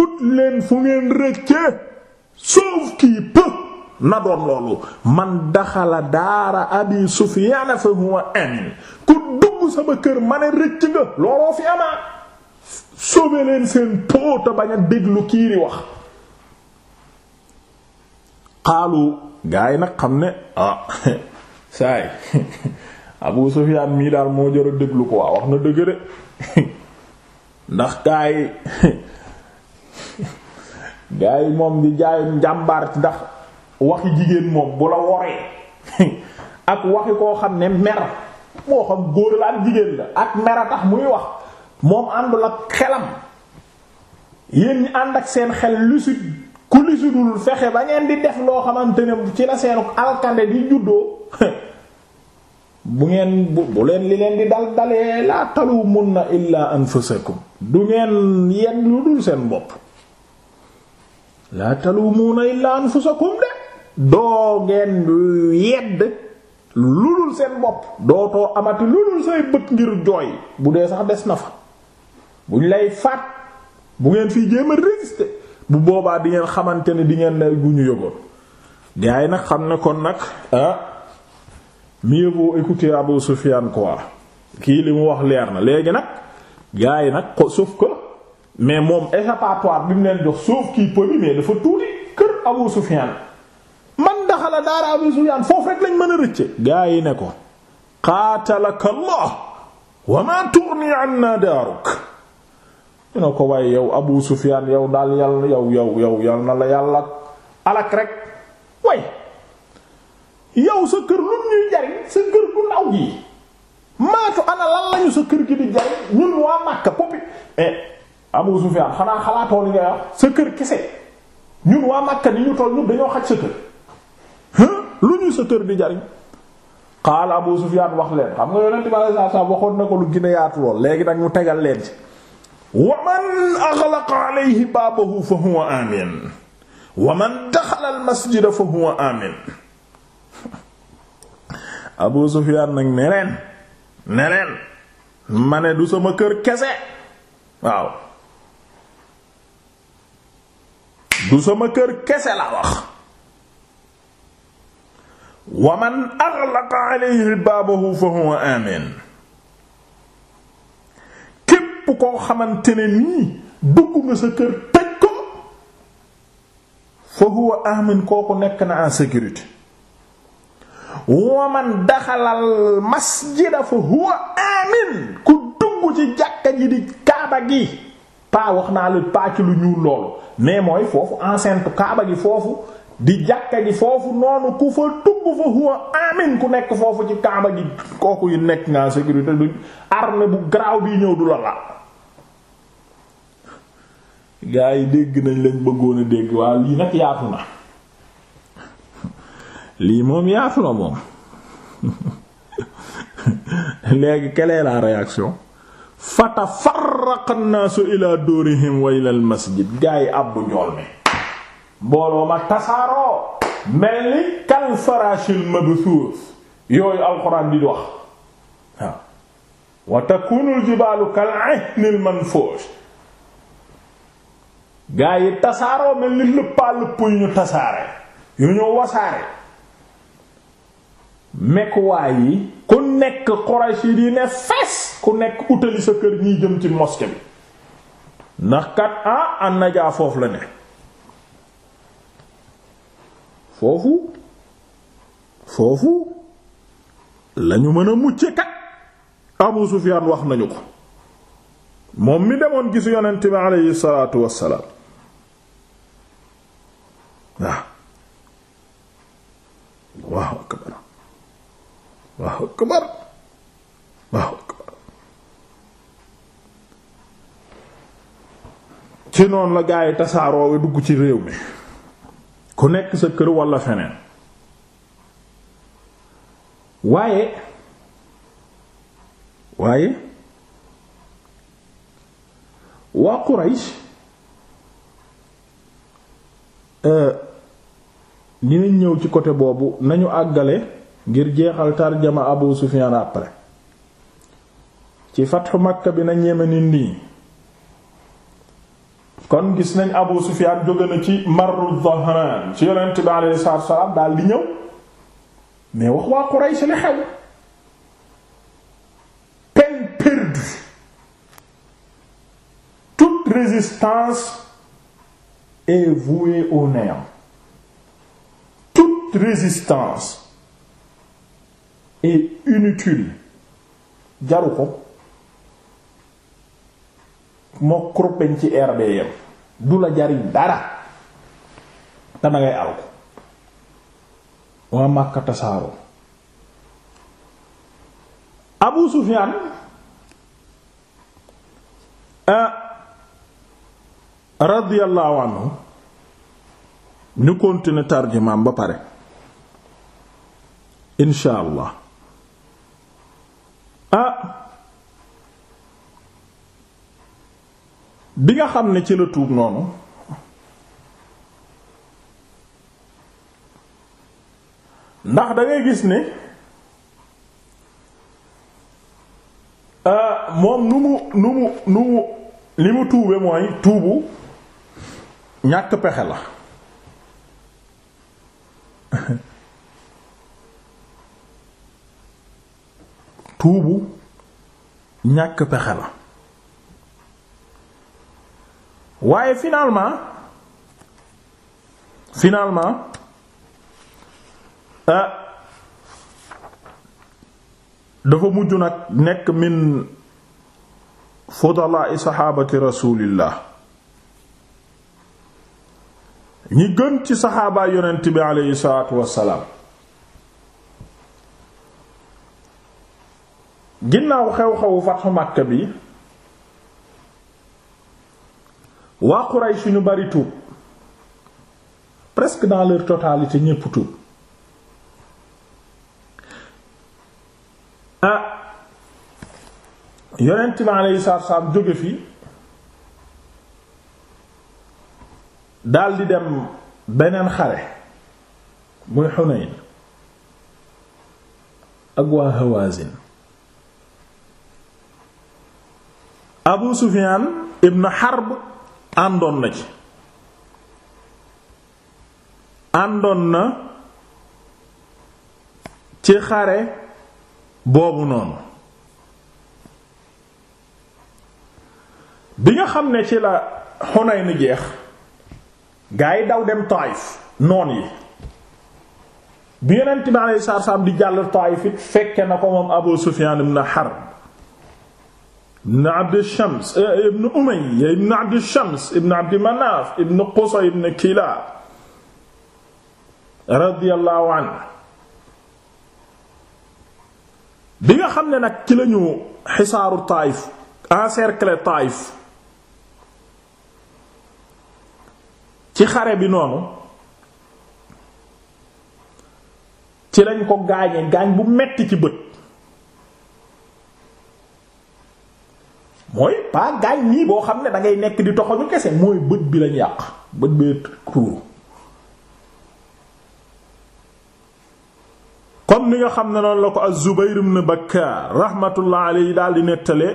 ut leen fu ngeen rëccee sauf kii pëp na doon loolu man daxala daara abi sufyaan fa huwa amin ku dugg sama kër ma ne rëcc nga looloo fi amaa sobe leen seen poota bañ a déglu kii di wax xaalu gaa nag xam ne ah <laughs> saay <laughs> Abu Sufyaan mii daal moo jara déglu ko waa wax na dëgg de ndax gaa yi gaa yi moom di jaayum jàmbaar ndax waxi jigéen moom bu la woree ak waxi koo xam ne mer moo xam góor la jigéen la ak mer a tax muy wax moom àndul ak xelam yéen ñi ànd ak seen xel lucide ku lucidul fexe ba ngeen di def loo xamante ne ci la seenu alkande di juddoo <laughs> bu ngeen bu bu leen li leen di dal dalee laa talu mun na illaa anfusakum du ngeen yenn lu dul seen bopp laa talu mun na illaa anfusakum de doo ngeen yedd lu dul seen bopp dootoo amati lu dul say bët ngir jooy bu dee sax des na fa buñ lay faat bu ngeen fii jéem a bu boobaa di ngeen xamante ne di ngeen lay bu ñu yëgoon gaay nag xam ne nag ah, mieux vaut écouter Abu Sufyan quoi kii li mu wax leer na léegi nag gars yi nag ko sauf que mais moom échappatoire bi leen jox suuf kii pëbi mais dafa tuuti kër Abu Sufyan man daxala daara Abu Sufyan foofu rek lañ mën a rëcce gars yi ne ko qaatalaka Allah wa ma tughni anna daaruk ñu ne ko waaye yow Abu Sufyan yow daal yàlla yow yow yow yàlla na la yàlla alak rek way yow sa kër lu ñuy jariñ sa kër gu ndaw gi maatu ana lan lañu sa kër gi di jariñ ñun waa Makka popi eh Abu Sufyaan xanaa xalaatoo li ngay wax sa kër kese ñun waa Makka ni ñu toll ñun dañoo xaj sa kër lu ñu sa kër di jariñ qaala Abu Sufyaan wax leen xam nga yonent bi sallallahu alayhi wasallam na ko lu gën lool léegi nag mu tegal leen ci wa man aghlaqa baabahu fa huwa amin wa man daxala fa huwa amin Abu Sufyaan nag ne leen ne du sama kër kese waaw du sama kër kese la wax wa man aghlaqa alayhi baabahu fa huwa amin képp koo xamante nii dugg nga sa kër tëj ko fa huwa amin kooku nekk na en sécurité wa man daxalal masjida fa huwa amin ku dugg ci jàkka ji di kaaba gi paa wax naa la paa ci lu ñuul loolu mais mooy foofu enceinte kaaba gi foofu di jàkka ji foofu noonu ku fa dugg fa huwa amin ku nekk foofu ci kaaba gi kooku yi nekk nga sécurité du armée bu garaaw bi ñëw du la la gaa yi dégg nañ lañ bëggoon a dégg waaw lii nag yaatu na lii moom yaatu na moom <laughs> léegi quelle est la réaction fatafarraqa an-naasu ila dóorihim wa ila al-masjid gaa yi àbbu njool mi mbooloo ma tasaaroo mel ni kal farashil mabsuus yooyu alxuraan di wax waaw jibaalu kal ahnil manfuush gaa yi tasaaroo mel ni lëppaa lëpp yu ñu tasaare yu ñu wasaare mekuwaay yi ku nekk Qurayshi di ne fes ku nekk utali sa kër ñuy jëm ci moske bi ndax kat ah an najaa foofu la ne foofu lañu mën a mucce kat Abu Sufyaan wax nañu ko moom mi demoon gisu yonent bi aleyhi salaatu wassalaam waaw akbar waaw ci noonu la gaa yi tasaaroo wi dugg ci réew mi ku nekk sa kër walla feneen waaye waaye waa Quraysh euh, dinañ ñëw ci côté boobu nañu àggale ngir jeexal tarjama Abu Sufyan après ci fatxu Makka bi nañ yeme nit nii kon gis nañ Abu Sufyan jóge na ci marru Dhahran ci yonent bi alayhi salaatu wassalaam daal di ñëw mais wax waa Quraysh li xew peine perdue toute résistance est vouée au néant toute résistance et inutile jaru ko moo kurpeñ ci rbm du la jariñ dara te dangay alko waa Makka tasaaroo Abu Sufyaan ah, radiyallahu anhu ñu continuer tarjumaam ba pare insha bi nga xam ne ci la tuub noonu ndax da gis ne euh, moom nu mu nu mu nu mu li mu tuube mooy tuubu ñàkk pexe la <laughs> tuubu ñàkk pexe la waaye finalement finalement ah dafa mujj nag nekk min fudalaa saxaabati rasulillah ñi gën ci saxaabaa yonent bi aleyhi salaatu wassalaam ginnaaw xew-xewu fatxu Makka bi waa Quraysh ñu bari tuub presque dans leur totalité ñépp tuub ah yonent bi alayhi salaatu jóge fi daldi dem beneen xare muy Hunayn ak waa Hawazin Abu Sufyan ibn Harb àndoon na ci àndoon na ci xare boobu noonu bi nga xam ne ci la Xunayn jeex gaa yi daw dem Taayif noon yi bi Yonent bi alayhi salaam di jàll Taayif it fekke na ko moom Abu Sufyaan ibn Harb ibn abdi eh, shams ibn umayya bi nga xam ne nag ci lañu xisaaru taayif encercler taayif ci xare bi noonu ci lañ ko gaañe gaañ bu metti ci bët pas gaañ nii boo xam ne dangay nekk di toxoñu kese mooy bët bi lañ yàq bët bee tuuru comme ni nga xam ne noonu la ko az-Zubayr ibn Bakkar rahmatullah alayhi daal di nettale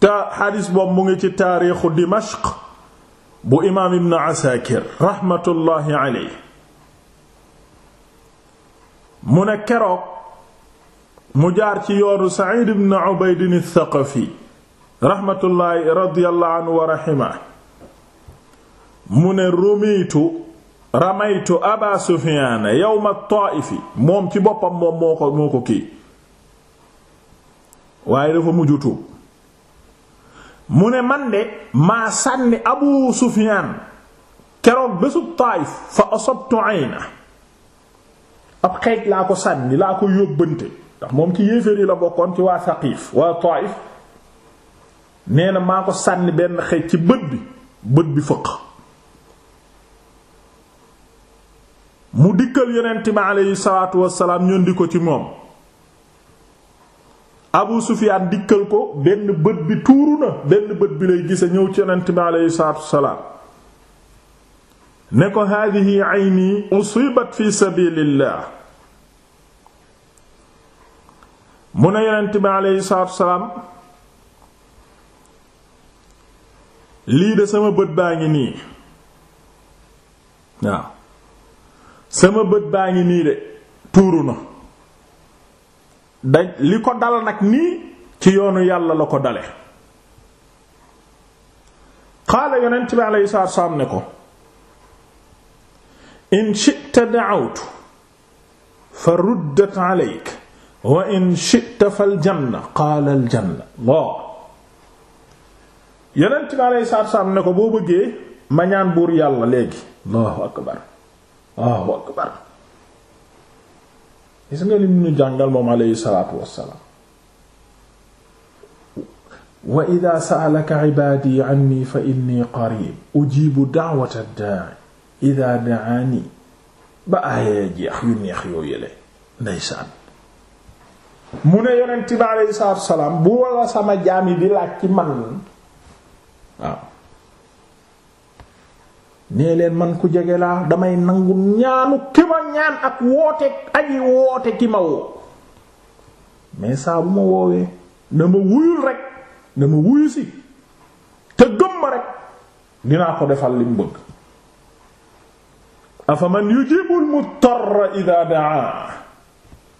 te xadis boobu mu ngi ci taarixu Dimashq bu imaam ibn Asakir rahmatullahi alayhi mu ne keroog mu jaar ci yoonu Sa'id ibn Ubayd ath-Thaqafi raxmatullaahi radiyallahu anhu wa raxima mu ne rumiitu ramaytu aba Sufyaan yawma at moom ci boppam moom moo ko moo ko kii waaye dafa mujj tuub mu ne man de maa sànni Abu Sufyaan keroog bésub Taayif fa asabtu ayna ab xeej laa ko sànni laa ko yóbbante ndax moom ci yéeféer yi la bokkoon ci waa Saqiif waa Taif nee na maa ko sànni benn xeej ci bët bi bët bi fëq mu dikkal yonent bi aleyhi salaatu wassalaam ñun ko ci moom Abu Sufyaan dikkal ko benn bët bi tuuru na benn bët bi lay gise ñëw ci yonent bi aleyhi salaatu wassalaam ne ko hàdhihi ayni usibat fii sabilillah mu ne yonent bi aleyhi salaatu salaam lii de sama bët baa ngi nii waaw sama bët baa ngi nii de tuuru na daj li ko dal nag nii ci yoonu yàlla la ko dale qaala yonent bi aleyhi salaatu salaam ne ko in shi'ta da'awtu fa ruddat aleyk wa in shi'ta fal janna qaala al janna loo yonent bi alayhi salaatu ne ko boo bëggee ma buur yàlla léegi allahu akbar allahu akbar gis nga lim ñu jàngal moom alayhi salaatu wassalaam wa idaa sa'alaka ibaadi anni fa inni qariib ujiibu da'wata daa'i mu ne yonent bi aleyhi salaatu salaam bu wala sama jaan yi di laaj ci man waaw nee leen man ku jege laa damay nangu ñaanu ki ma ñaan ak woote aji woote ki ma woo mais saa bu ma woowee dama wuyul rek dama wuyu si te gëm rek dinaa ko defal li mu bëgg afaman yujibul muttarra idha daa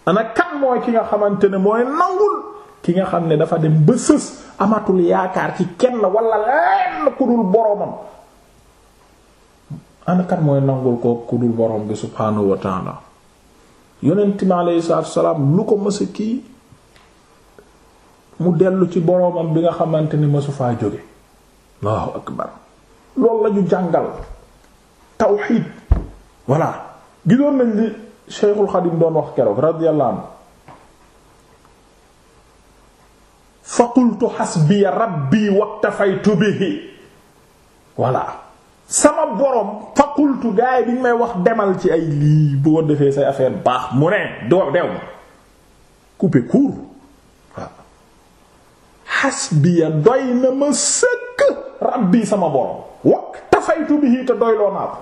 ana kan mooy ki nga xamante ne mooy nangul ki nga xam ne dafa dem ba amatul yaakaar ci kenn wala lenn ku dul boroomam ana kan mooy nangul ko ku dul bi subhaanahu wa yonent mi aleyhi salaatu salaam lu ko mës a kii mu dellu ci boroomam bi nga xamante ni mësu faa jóge allahu akbar ñu jàngal tawxiid voilà gisoon nañ li Cheikhul Xadim doon wax keroog radiyallahu anhu fa xasbiya rabbi waktafaytu bihi voilà sama borom fa qultu gaay bi ñu may wax demal ci ay lii bu defee say affaire baax mu ne doo dew couper court waaw xasbiya doy na ma sëkk rabbi sama borom waktafaytu bihi te doyloo naa ko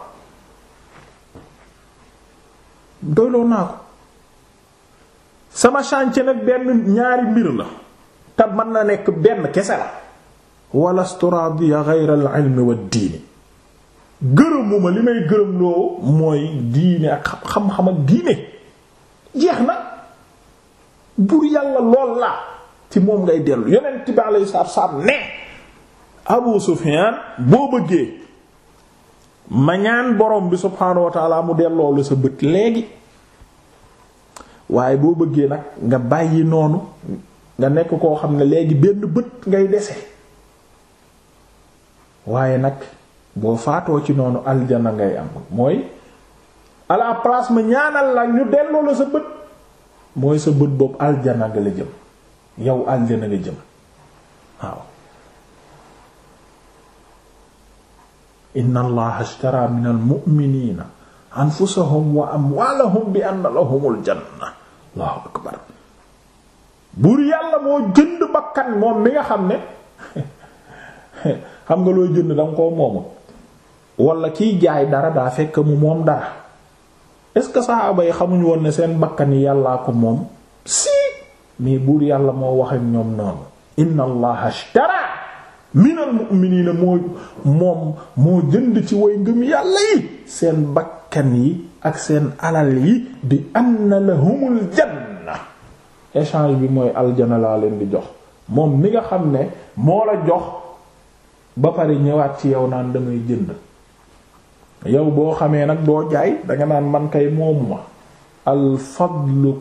doyloo naa ko sama chantier nag benn ñaari mbir la te mën na nekk benn kese la walastu radiya ghayra al-ilmi wa diini gërëmuma li may gërëm loo mooy diine ak xam-xam ak diine jeex na buur yàlla lool la ci moom ngay dellu yonent bi alayhi salaatu salaam ne Abu Sufyaan boo bëggee ma ñaan borom bi subhaanahu wa taala mu delloo la sa bët léegi waaye boo bëggee nag nga bàyyi noonu nga nekk koo xam ne léegi benn bët ngay dese waaye nag boo faatoo ci noonu aljana ngay am mooy à la ma ñaanal la ñu delloo la sa bët mooy sa bët boobu aljana nga la jëm yow aljana nga jëm waaw inna allaha ashtara min almu'minina anfusahum wa amwalahum bi anna lahumul janna allahu akbar buur yàlla moo jënd bakkan moom mi nga xam ne <laughs> xam nga loo jënd danga koo moomut wala kiy jaay dara daa fekk mu moom dara est-ce que saxaaba yi xamuñu woon ne seen bakkan yi yàllaa ko moom si mais buur yàlla moo waxee ñoom noonu inna allaha ashtara minal mu'miniina moo moom moo jënd ci way ngëm yàlla yi seen bakkan yi ak seen alal yi di anna lahumul janna bi mooy aljana laa leen di jox moom mi nga xam ne moo la jox ba pare ñëwaat ci yow naan damay jënd yow boo xamee nag doo jaay danga naan man kay moomu ma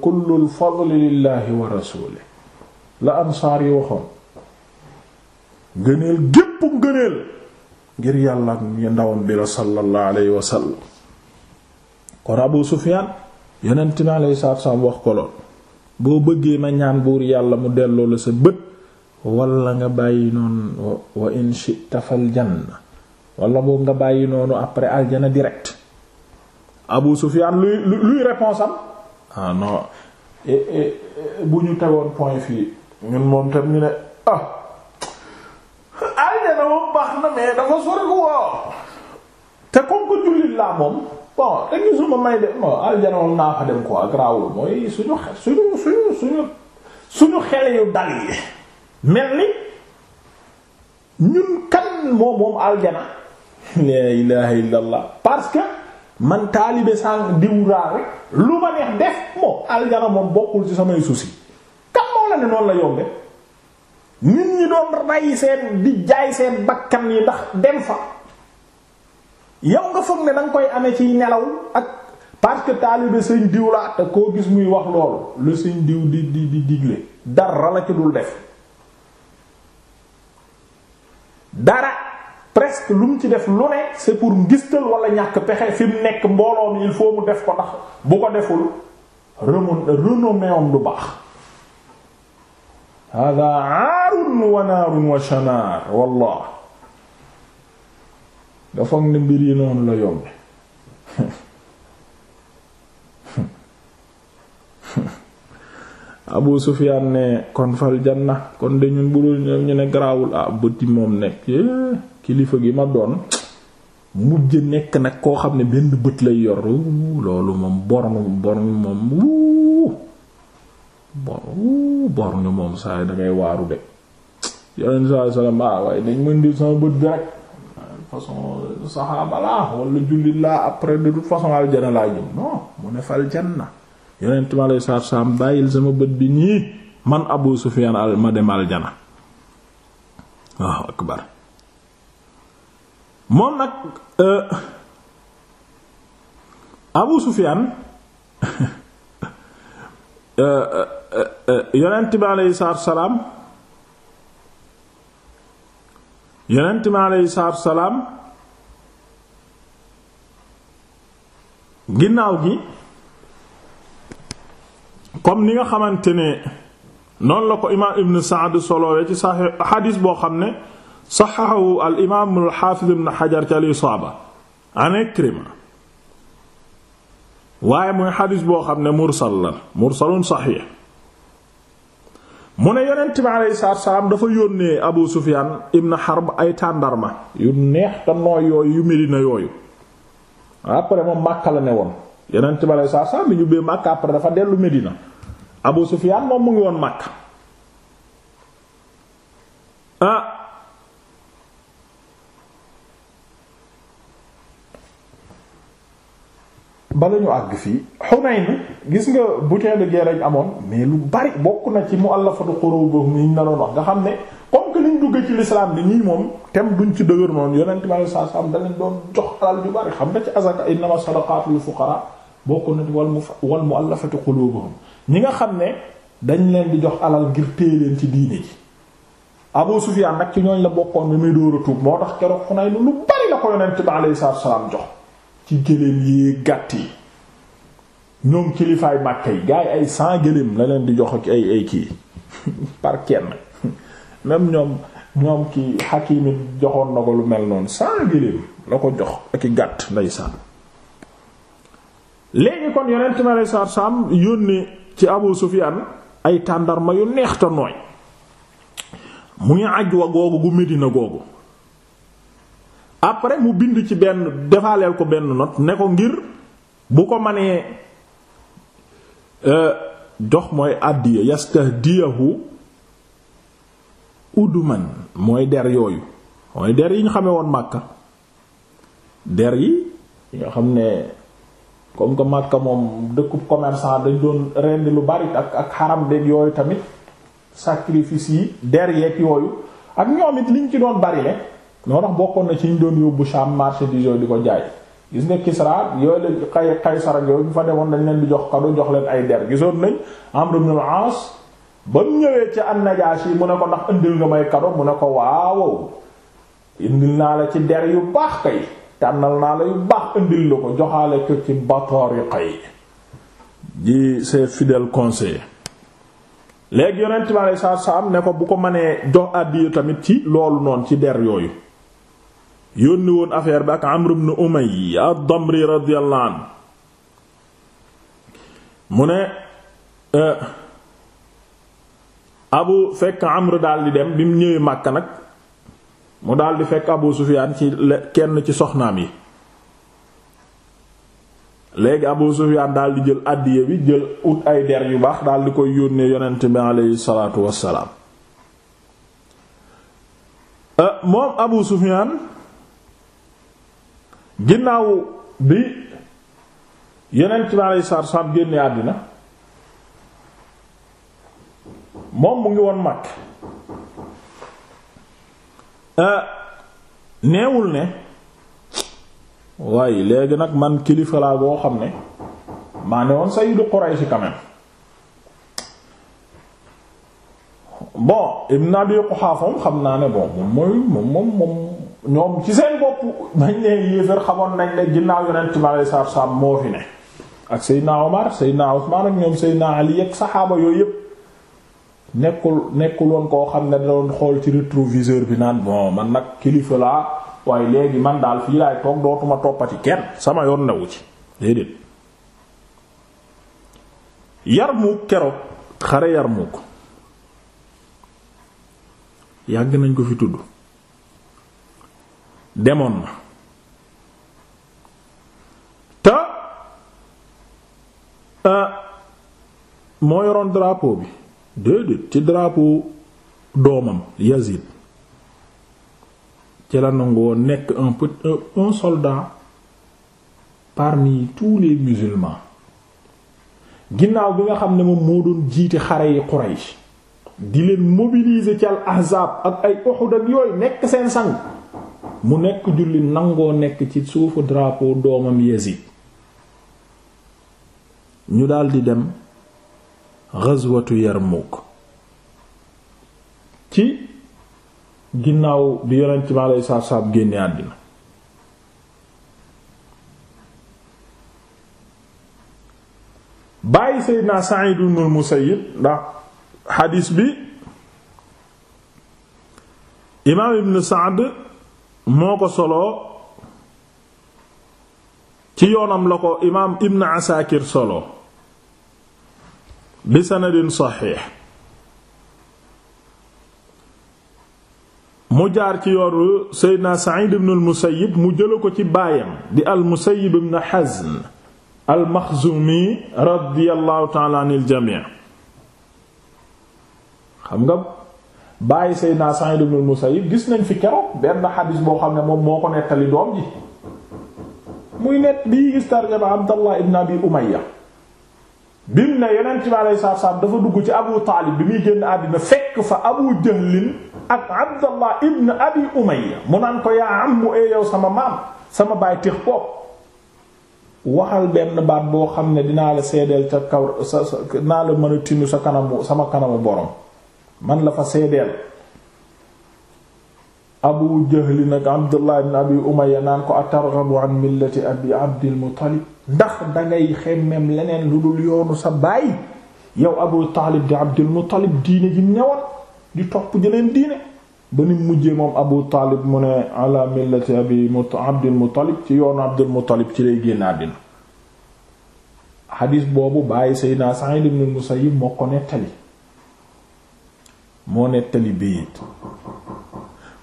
kullu al fadli wa rasuulihi la ansaar yi waxoon ngëneel gépp ngëneel ngir yàlla ak ndawam bi la sallallahu alayhi wa sallam kon Abu Sufyaan yonent mi alayhi salaatu salaam wax ko lool boo bëggee ma ñaan buur yàlla mu delloo la sa bët wala nga bàyyi noonu wa in shi'ta fal bàyyi noonu après aljana direct Abu Sufyaan luy luy réponse ah eh, eh, eh, bu ñu tegoon point fii ñun moom tam ñu ne ah, baax na mais dafa sori quoi te comme que jullit laa moom bon te gisuma may de bon aljana moom naa fa dem quoi garaawul mooy suñu suñu suñu suñu suñu xel yu dal yi mel ni ñun kan moom moom aljana <laughs> la ilaha illallah parce que man taalibe sànq diw raa rek lu ma neex def moom aljana moom bokkul ci samay souci kan moo la ne noonu la yombe ñi doon rey seen di jaay seen bakkan yi ndax dem fa yow nga foog ne danga koy amee ciy nelaw ak parce que taalibe sëñ diw la te koo gis muy wax loolu la sëñ diw di di di digle dara la ci dul def dara presque lu mu ci def lu ne c'est pour ngistal wala ñàkk pexe fi mu nekk mbooloo mi il faut mu def ko ndax bu ko deful renommée am du baax hada aarun wa naarun nga foog ne mbir yi noonu la yombe Abu Sufyaan ne kon fal janna kon de ñun bu ñu ne garaawul ah bëti moom nekk eh, kilifa gi ma doon mujj nekk nag koo xam ne benn bët lay yor loolu moom born born moom bor bor nga moom saa yi dangay waaru de yeneen saa salaam ah waaye dañ mën di sama bët bi rek façon saxaaba laa wala jullit laa après de toute façon aljana laa jëm non mu ne fal janna yeneen time alay saab saam bàyyil sama bët bi ñii man Abu Sufyaan al ma dem aljana waaw akbar moom nag euh, Abu Sufyaan <laughs> Euh, euh, euh, yonent bi aleyhi salaatu salaam yonent bi aleyhi salaatu salaam ginnaaw gi comme ni nga xamante ne noonu la ko imaam Ibn Saad solowee ci saxiix xadiis boo xam ne saxaxahu al imaam al xaafiz ibn Hajar ci al Isaaba an waaye muy xadis boo xam ne mursal la mursalun saxiix mu ne yonent bi aleyhi salaatu salaam dafa yónnee Abu Sufyaan ibn Harb ay tàndarma yu neex te nooy yooyu yu Medina yooyu après moom Makka la ne woon yonent bi aleyhi sa salaam bi ñu bee Makka après dafa dellu Medina Abu Sufyaan moom mu ngi woon Makka ah, bala ñu àgg fii Hunayn gis nga butin de guerre amoon mais lu bari bokk na ci mu mu'allafatu qulubuhum yi ñu la doon wax nga xam ne comme que liñ dugg ci l'islam bi ñii moom tem duñ ci dëgër noonu yonent bi sallallahu alayhi wasallam da leen doon jox alal ju bari xam nga ci azaka innama sadaqatu lil fuqara bokk na ci wal mu wal mu'allafatu qulubuhum ñi nga xam ne dañ leen di jox alal ngir téye leen ci diine ji Abu Sufyan nag ci ñooñ la bokkoon bi muy jox ci gëléem yi gàtt yi ñoom kilifaay Makka yi gars ay cent gëléem la leen di jox ak ay ay kii <laughs> par kenn même ñoom ñoom ki Hakim it joxoon na ko lu mel noonu cent gëléem la ko jox ak i gàtt ndeysaan léegi kon yonent ma lay saar saam ci Abu Sufyaan ay tàndarma yu neex te nooy muy àjj wa googu gu Medina googu après mu bind ci benn defaaleel ko benn note ne ko ngir bu ko manee dox euh, mooy àddiya yastahdiyahu man mooy der yooyu mooy der yi ñu xamee woon Makka der yi nga xam ne comme que màkka moom dëkku commerçant dañ doon rendi lu bari ak ak xaram dég yooyu tamit sacrifice yi der yeeg yooyu ak ñoom it liñ ci doon bari le noo tax bokkoon na ci ñu doon yóbbu Sham marchandise yooyu di ko jaay gis nga Kisra yooyu la xay Qaysar ak yooyu bu fa demoon dañ leen di jox kado jox leen ay der gisoon nañ Amr ibn al-As ba ñëwee ci an-Najashi mu ne ko ndax indil nga may kado mu ne ko waaw indil naa la ci der yu baax kay tànnal naa la yu baax indil la ko joxaale ko ci batariqa yi di ses fidèles conseillers léegi yonent bi aleyhi sa salaam ne ko bu ko mënee jox àddiya tamit ci loolu noonu ci der yooyu yónni woon affaire bi ak Amr ibn Umayy ad-Damri radiyallahu mu ne euh, abu fekk Amr daldi dem bi mu ñëwee màkk nag mu daldi fekk Abu Sufyaan ci kenn ci soxnaam yi léegi Abu Sufyaan daldi jël àddiya bi jël ut ay der yu baax daldi koy yónnee yonent bi aleyhi salaatu wassalaam euh, moom Abu Sufyaan ginnaaw bi yeneen ci aleyhi salaatu salaam génne àddina moom mu ngi woon mag euh, neewul ne waaye léegi nag man kilifa laa goo xam ne maa ne woon sayyidu Quraysh quand même bon Ibn Abi Quhaafa xam naa ne bon moom moom moom ñoom ci seen bopp dañ ne yéeféer xamoon nañ ne ginnaaw yonent mi alayhi salaatu salaam moo fi ne ak Seydina Omar Seydina Usmaan ak ñoom Seydina Ali ak saxaaba yooyu yëpp nekkul nekkul woon koo xam ne da doon xool ci rétroviseur bi naan bon man nag kilifa laa waaye léegi man daal fii laay toog dootuma toppati kenn sama yoon newu ci déedéet Yarmuk keroog xare Yarmuk yàgg nañ ko fi tudd demoon na te euh, moo yoroon drapeau bi déedéet ci drapeau doomam Yazid ci la nangoo nekk un petit euh, un soldat parmi tous les musulmans ginnaaw bi nga xam ne moom moo doon jiite xare yi Quraysh di leen mobiliser ci al Ahzab ak ay Uhud ak yooyu nekk seen sang mu nekk jullit nangoo nekk ci suufu drapo doomam Yazid ñu daldi dem ghazwatu Yarmouk ci ginnaaw bi yonent bi alayhi salaatu salaam génne àddina bàyyi Seydina Sa'id ibn al-Musayyib ndax xadiis bi imaam Ibn Sa'd moo ko solo ci yoonam la ko imaam Ibn Asakir solo bi sanadin saxiix mu jaar ci yoru Seydina Saïd ibn al mu jëla ko ci baayam di al-Musayyib ibn Hazn al-Makhzumi radiyallahu nga bàyyi Seydina naa ibn al-Musayyib gis nañ fi keroog benn xadis boo xam ne moom moo ko nettali doom ji muy net lii gis tarjama Abdallah ibn Abi Umayya yeneen ci alayhi dafa dugg ci Abu Taalib bi muy génn àddina fekk fa Abu Jahlin ak Abdallah mu naan ko yaa am mu ee eh, yow sama maam sama baay téex bopp waxal benn baat boo xam ne dinaa la seedeel ca kaw sa dinaa la mën a tinu sa kanamu sama kanamu borom. man la fa seedeel abu jahli nag abdullah ibn abi umayya naan ko atarghabu an millati abi abdil muttalib ndax dangay xemmem leneen lu dul yoonu sa baay yow abu taalib di abdil muttalib diine ji ñëwal di topp jeneen diine ba ni mujjee moom abu taalib mu ne ala millati abi abdil muttalib ci yoonu abdil ci lay génn àddina xadiis boobu bàyyi seydina sa'id ibn musayyib moo ko nettali moo nettali bayit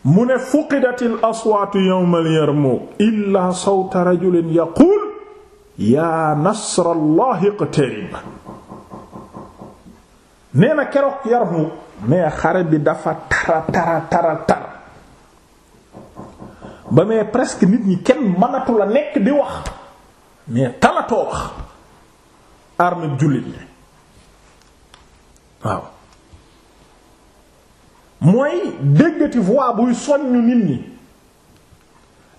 mu ne fuqidatil aswaatu yawmal yarmuuk illaa sawta rajulin yaquul yaa nasrallahi iqtarib nee na keroog yarmuuk mais xare bi dafa tara tara tara tara ba mais presque nit ñi kenn mënatul a nekk di wax mais talatoo wax arme jullit ñi waaw mooy déggati voix buy soññu nit ñi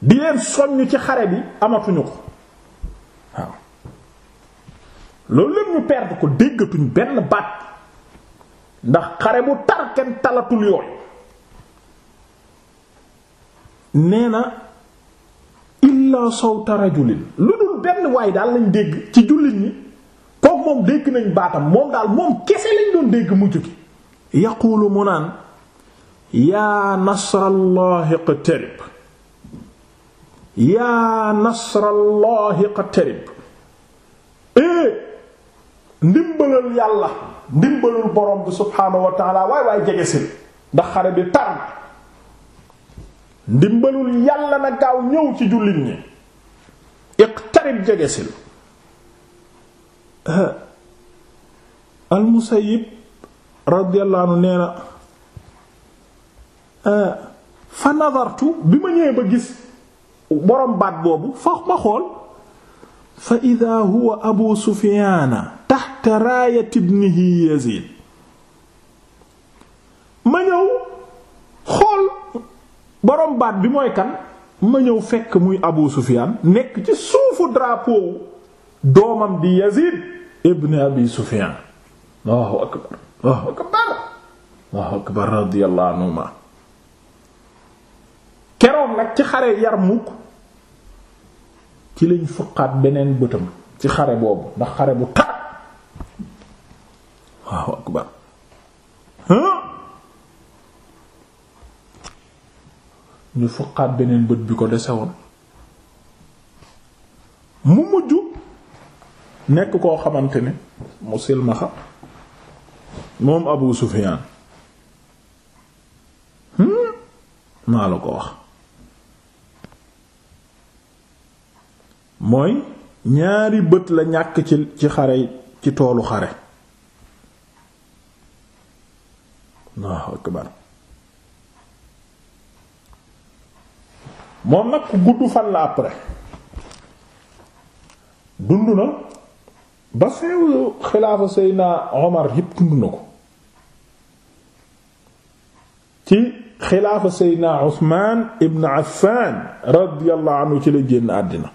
di leen soññu ci xare bi amatuñu ko waaw loolu lépp ñu perdre ko déggatuñ benn baat ndax xare bu tar kenn talatul yooyu nee na illa sawta rajulin lu dul benn waay daal lañ dégg ci jullit ñi kooku moom dégg nañ baatam moom daal moom kese lañ doon dégg mujj gi yaqulu mu naan yaa nasrallahi iqtarib yaa nasrallahi iqtarib ee ndimbalal yàlla ndimbalul borom bi subhaanahu wa taala waay waay ndax xare bi tar ndimbalul yàlla na gaaw ñëw ci jullit ñi iqtarib jege si al Musayyib radiyallahu Euh, fa nadartu bi ma ñëwee ba gis borom baat boobu fax ma xool fa ida huwa abu sufiana taxta raayati ibnihi yazid ma ñëw xool borom baat bi mooy kan ma ñëw fekk muy abu sufiyaan nekk ci suufu drapeau doomam di yazid ibn abi sufiyaan allahu akbar allahu akbar allahu akbar radiyallahu anhuma keroog nag ci xare Yarmuk ci lañ fuqaat beneen bëtam ci xare boobu ndax xare bu tar waaw akbar ñu fuqaat beneen bët bi ko desewoon mu mujj nekk koo xamante ne mu silmaxa moom Abu Sufyaan maa la ko wax mooy ñaari bët la ñàkk ci ci xare ci toolu xare moom nag ku gudd fan la après dund na ba feew xilaafa Seydina Omar yépp dund na ko ci xilaafa Seydina Usmaan ibn Affan radiyallahu anhu ci la génn àddina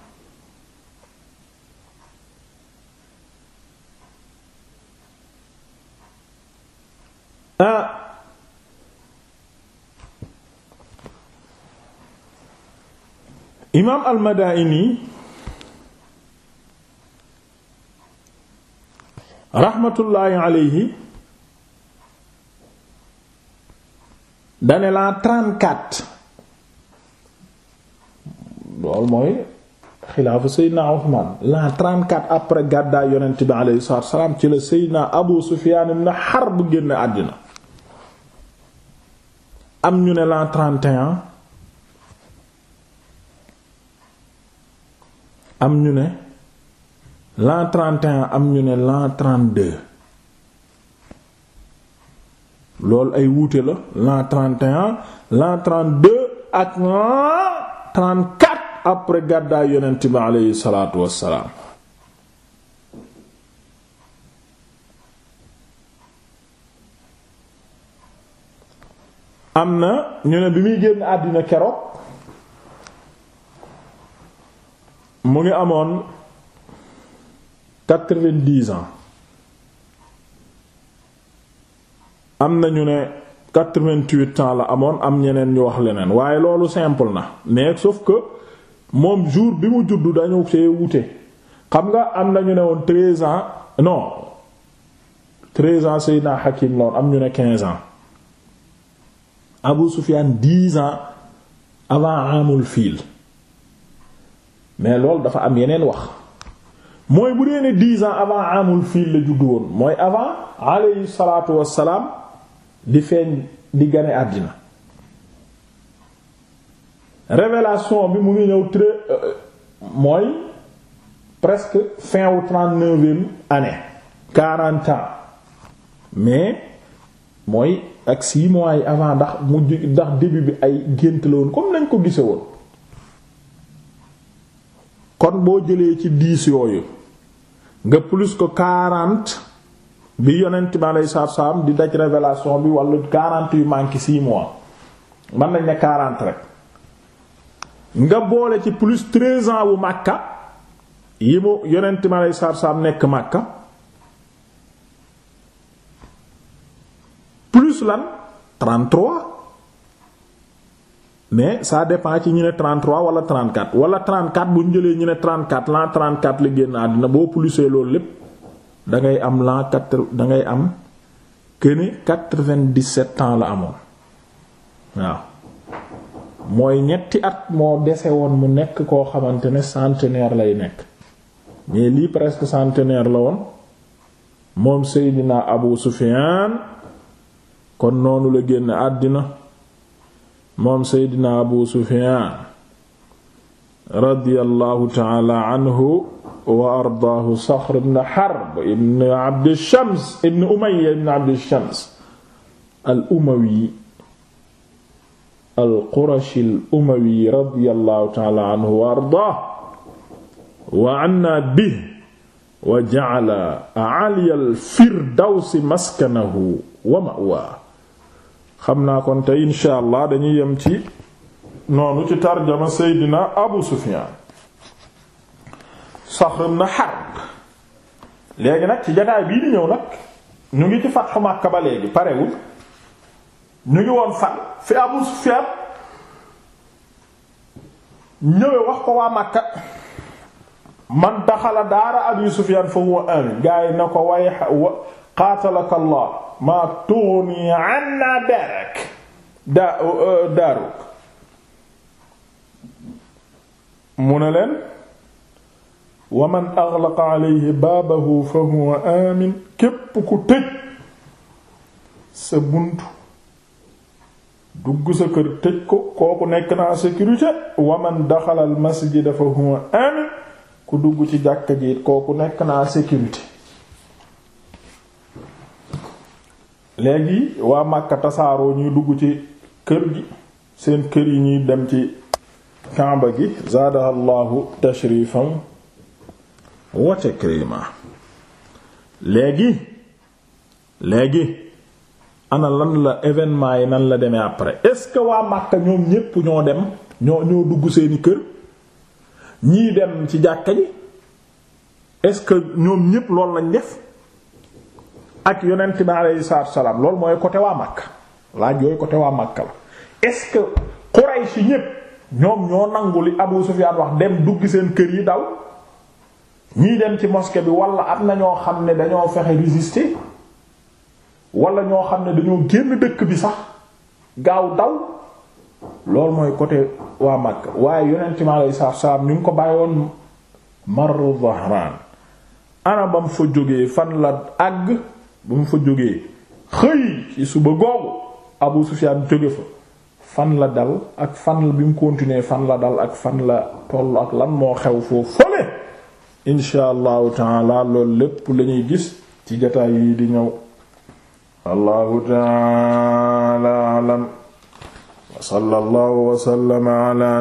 imaam al-Madaini raxmatullaahi alayhi dane la 34 loolu mooy xilaafa seydna Usmaan la 34 après gàddaay yonent bi alayhi salaatu wa salaam ci la seydna Abu Sufyaan ibn Harb génn àddina am ñu ne la 31 am ñu ne l'an 31 am ñu ne l'an 32 loolu ay wuute la l'an 31 l'an 32 ak l'an 34 après gàddaay yonent bi aleyhi salaatu wassalaam am na ñu ne bi muy génn àddina keroog mu ngi amoon quatre-vingt-dix ans am na ñu ne quatre vingt la amoon am ñeneen ñu wax leneen waaye loolu simple na mais sauf que moom jour bi mu juddu dañu see wute xam nga am na ñu ne woon treize ans non treize ans Seydina Hakim loon am ñu ne quinze ans Abu Sufyan dix ans avant amul fiil mais loolu dafa am yeneen wax mooy bu dee ne dix avant amul fiil la juddu woon mooy avant alayhi salaatu wassalaam di feeñ di gane àddina révélation bi mu ngi ñëw très euh, mooy presque fin wu trente-neuvième année quarante ans mais mooy ak six mois yi avant ndax mu ndax début bi ay gént la woon comme nañ ko gise woon kon boo jëlee ci dix yooyu nga plus ko quarante bi yonent bi lay salaatu salaam di daj révélation bi walla quarante yu manqué six mois mën nañ ne quarante rek nga boole ci plus treize ans wu Makka yi mu yonent bi aleyhi salaatu salaam nekk Makka plus lan trente-trois mais ça dépend ci ñu ne 33 wala 34 wala 34 bu ñu jëlee ñu ne 34 l'an 34 la génn àddina boo plusee loolu lépp da ngay am l'an 4 da ngay am këne 97 ans la amoon waaw mooy ñetti at moo dese woon mu nekk koo xamante ne centenaire lay nekk mais lii presque centenaire la woon moom Seydina Abu Sufyan kon noonu la génn àddina. moom seydina abu sufiyaan radiyallahu taala anhu wa ardaahu saxr ibn harb ibn abdi shams ibn umayya ibn abdi shams al umawi al qurashi al umawi radiyallahu taala anhu wa ardaahu wa anna bihi wa ja'ala aliya al firdawsi maskanahu wa ma'waahu xam naa kon te insha allah dañuy yem ci noonu ci tarjama seydina abu sufiyaan saxr ibn harb léegi nag ci jataay bii di ñëw nag ñu ngi ci fatxu Makka ba léegi parewul ñu ngi woon fan fi abu sufiyaan ñëwee wax ko waa Makka man daxala daara abi sufiyaan fa huwa amin gaa na ko way qaatalaka allah maa tughni anna daarak daaruk uh, uh, mu ne leen wa man aghlaqa alayhi baabahu fa huwa aamin képp ku tëj sa bunt dugg sa kër tëj ko kooku nekk na sécurité wa man daxala masjida fa huwa aamin ku dugg ci jàkka ji kooku nekk na sécurité léegi waa Makka tasaaroo ñuy dugg ci kër gi seen kër yi ñuy dem ci kàmba gi zaadaha llahu tashrifan wa takrima léegi léegi ana lan la événement yi nan la demee après est-ce que waa Makka ñoom ñépp ñoo dem ñoo ñoo dugg seeni kër ñii dem ci jàkka ji est-ce que ñoom ñépp loolu lañ def ak yonent bi aleyhi salaatu salaam loolu mooy côté waa Makka laaj yooyu côté waa Makka la est-ce que Quraysh ñépp ñoom ñoo nangu li Abu Sufyaan wax dem dugg seen kër yi daw ñii dem ci mosquée bi walla am na ñoo xam ne dañoo fexe résister wala ñoo xam ne dañoo génn dëkk bi sax gaaw daw loolu mooy côté waa Makka waaye yonent bi aleyhi salaatu salaam ñu ngi ko bàyyi woon Marru Zahraan fa jógee fan la àgg. ba mu fa jógee xëy ci suba googu Abu Sufyaan jóge fa fan la dal ak fan la bi mu continuer fan la dal ak fan la toll ak lan moo xew foofu fële insha allahu taala loolu lépp lañuy gis ci jataay yi di ñëw allahu taala alam wa sallallahu wa sallama ala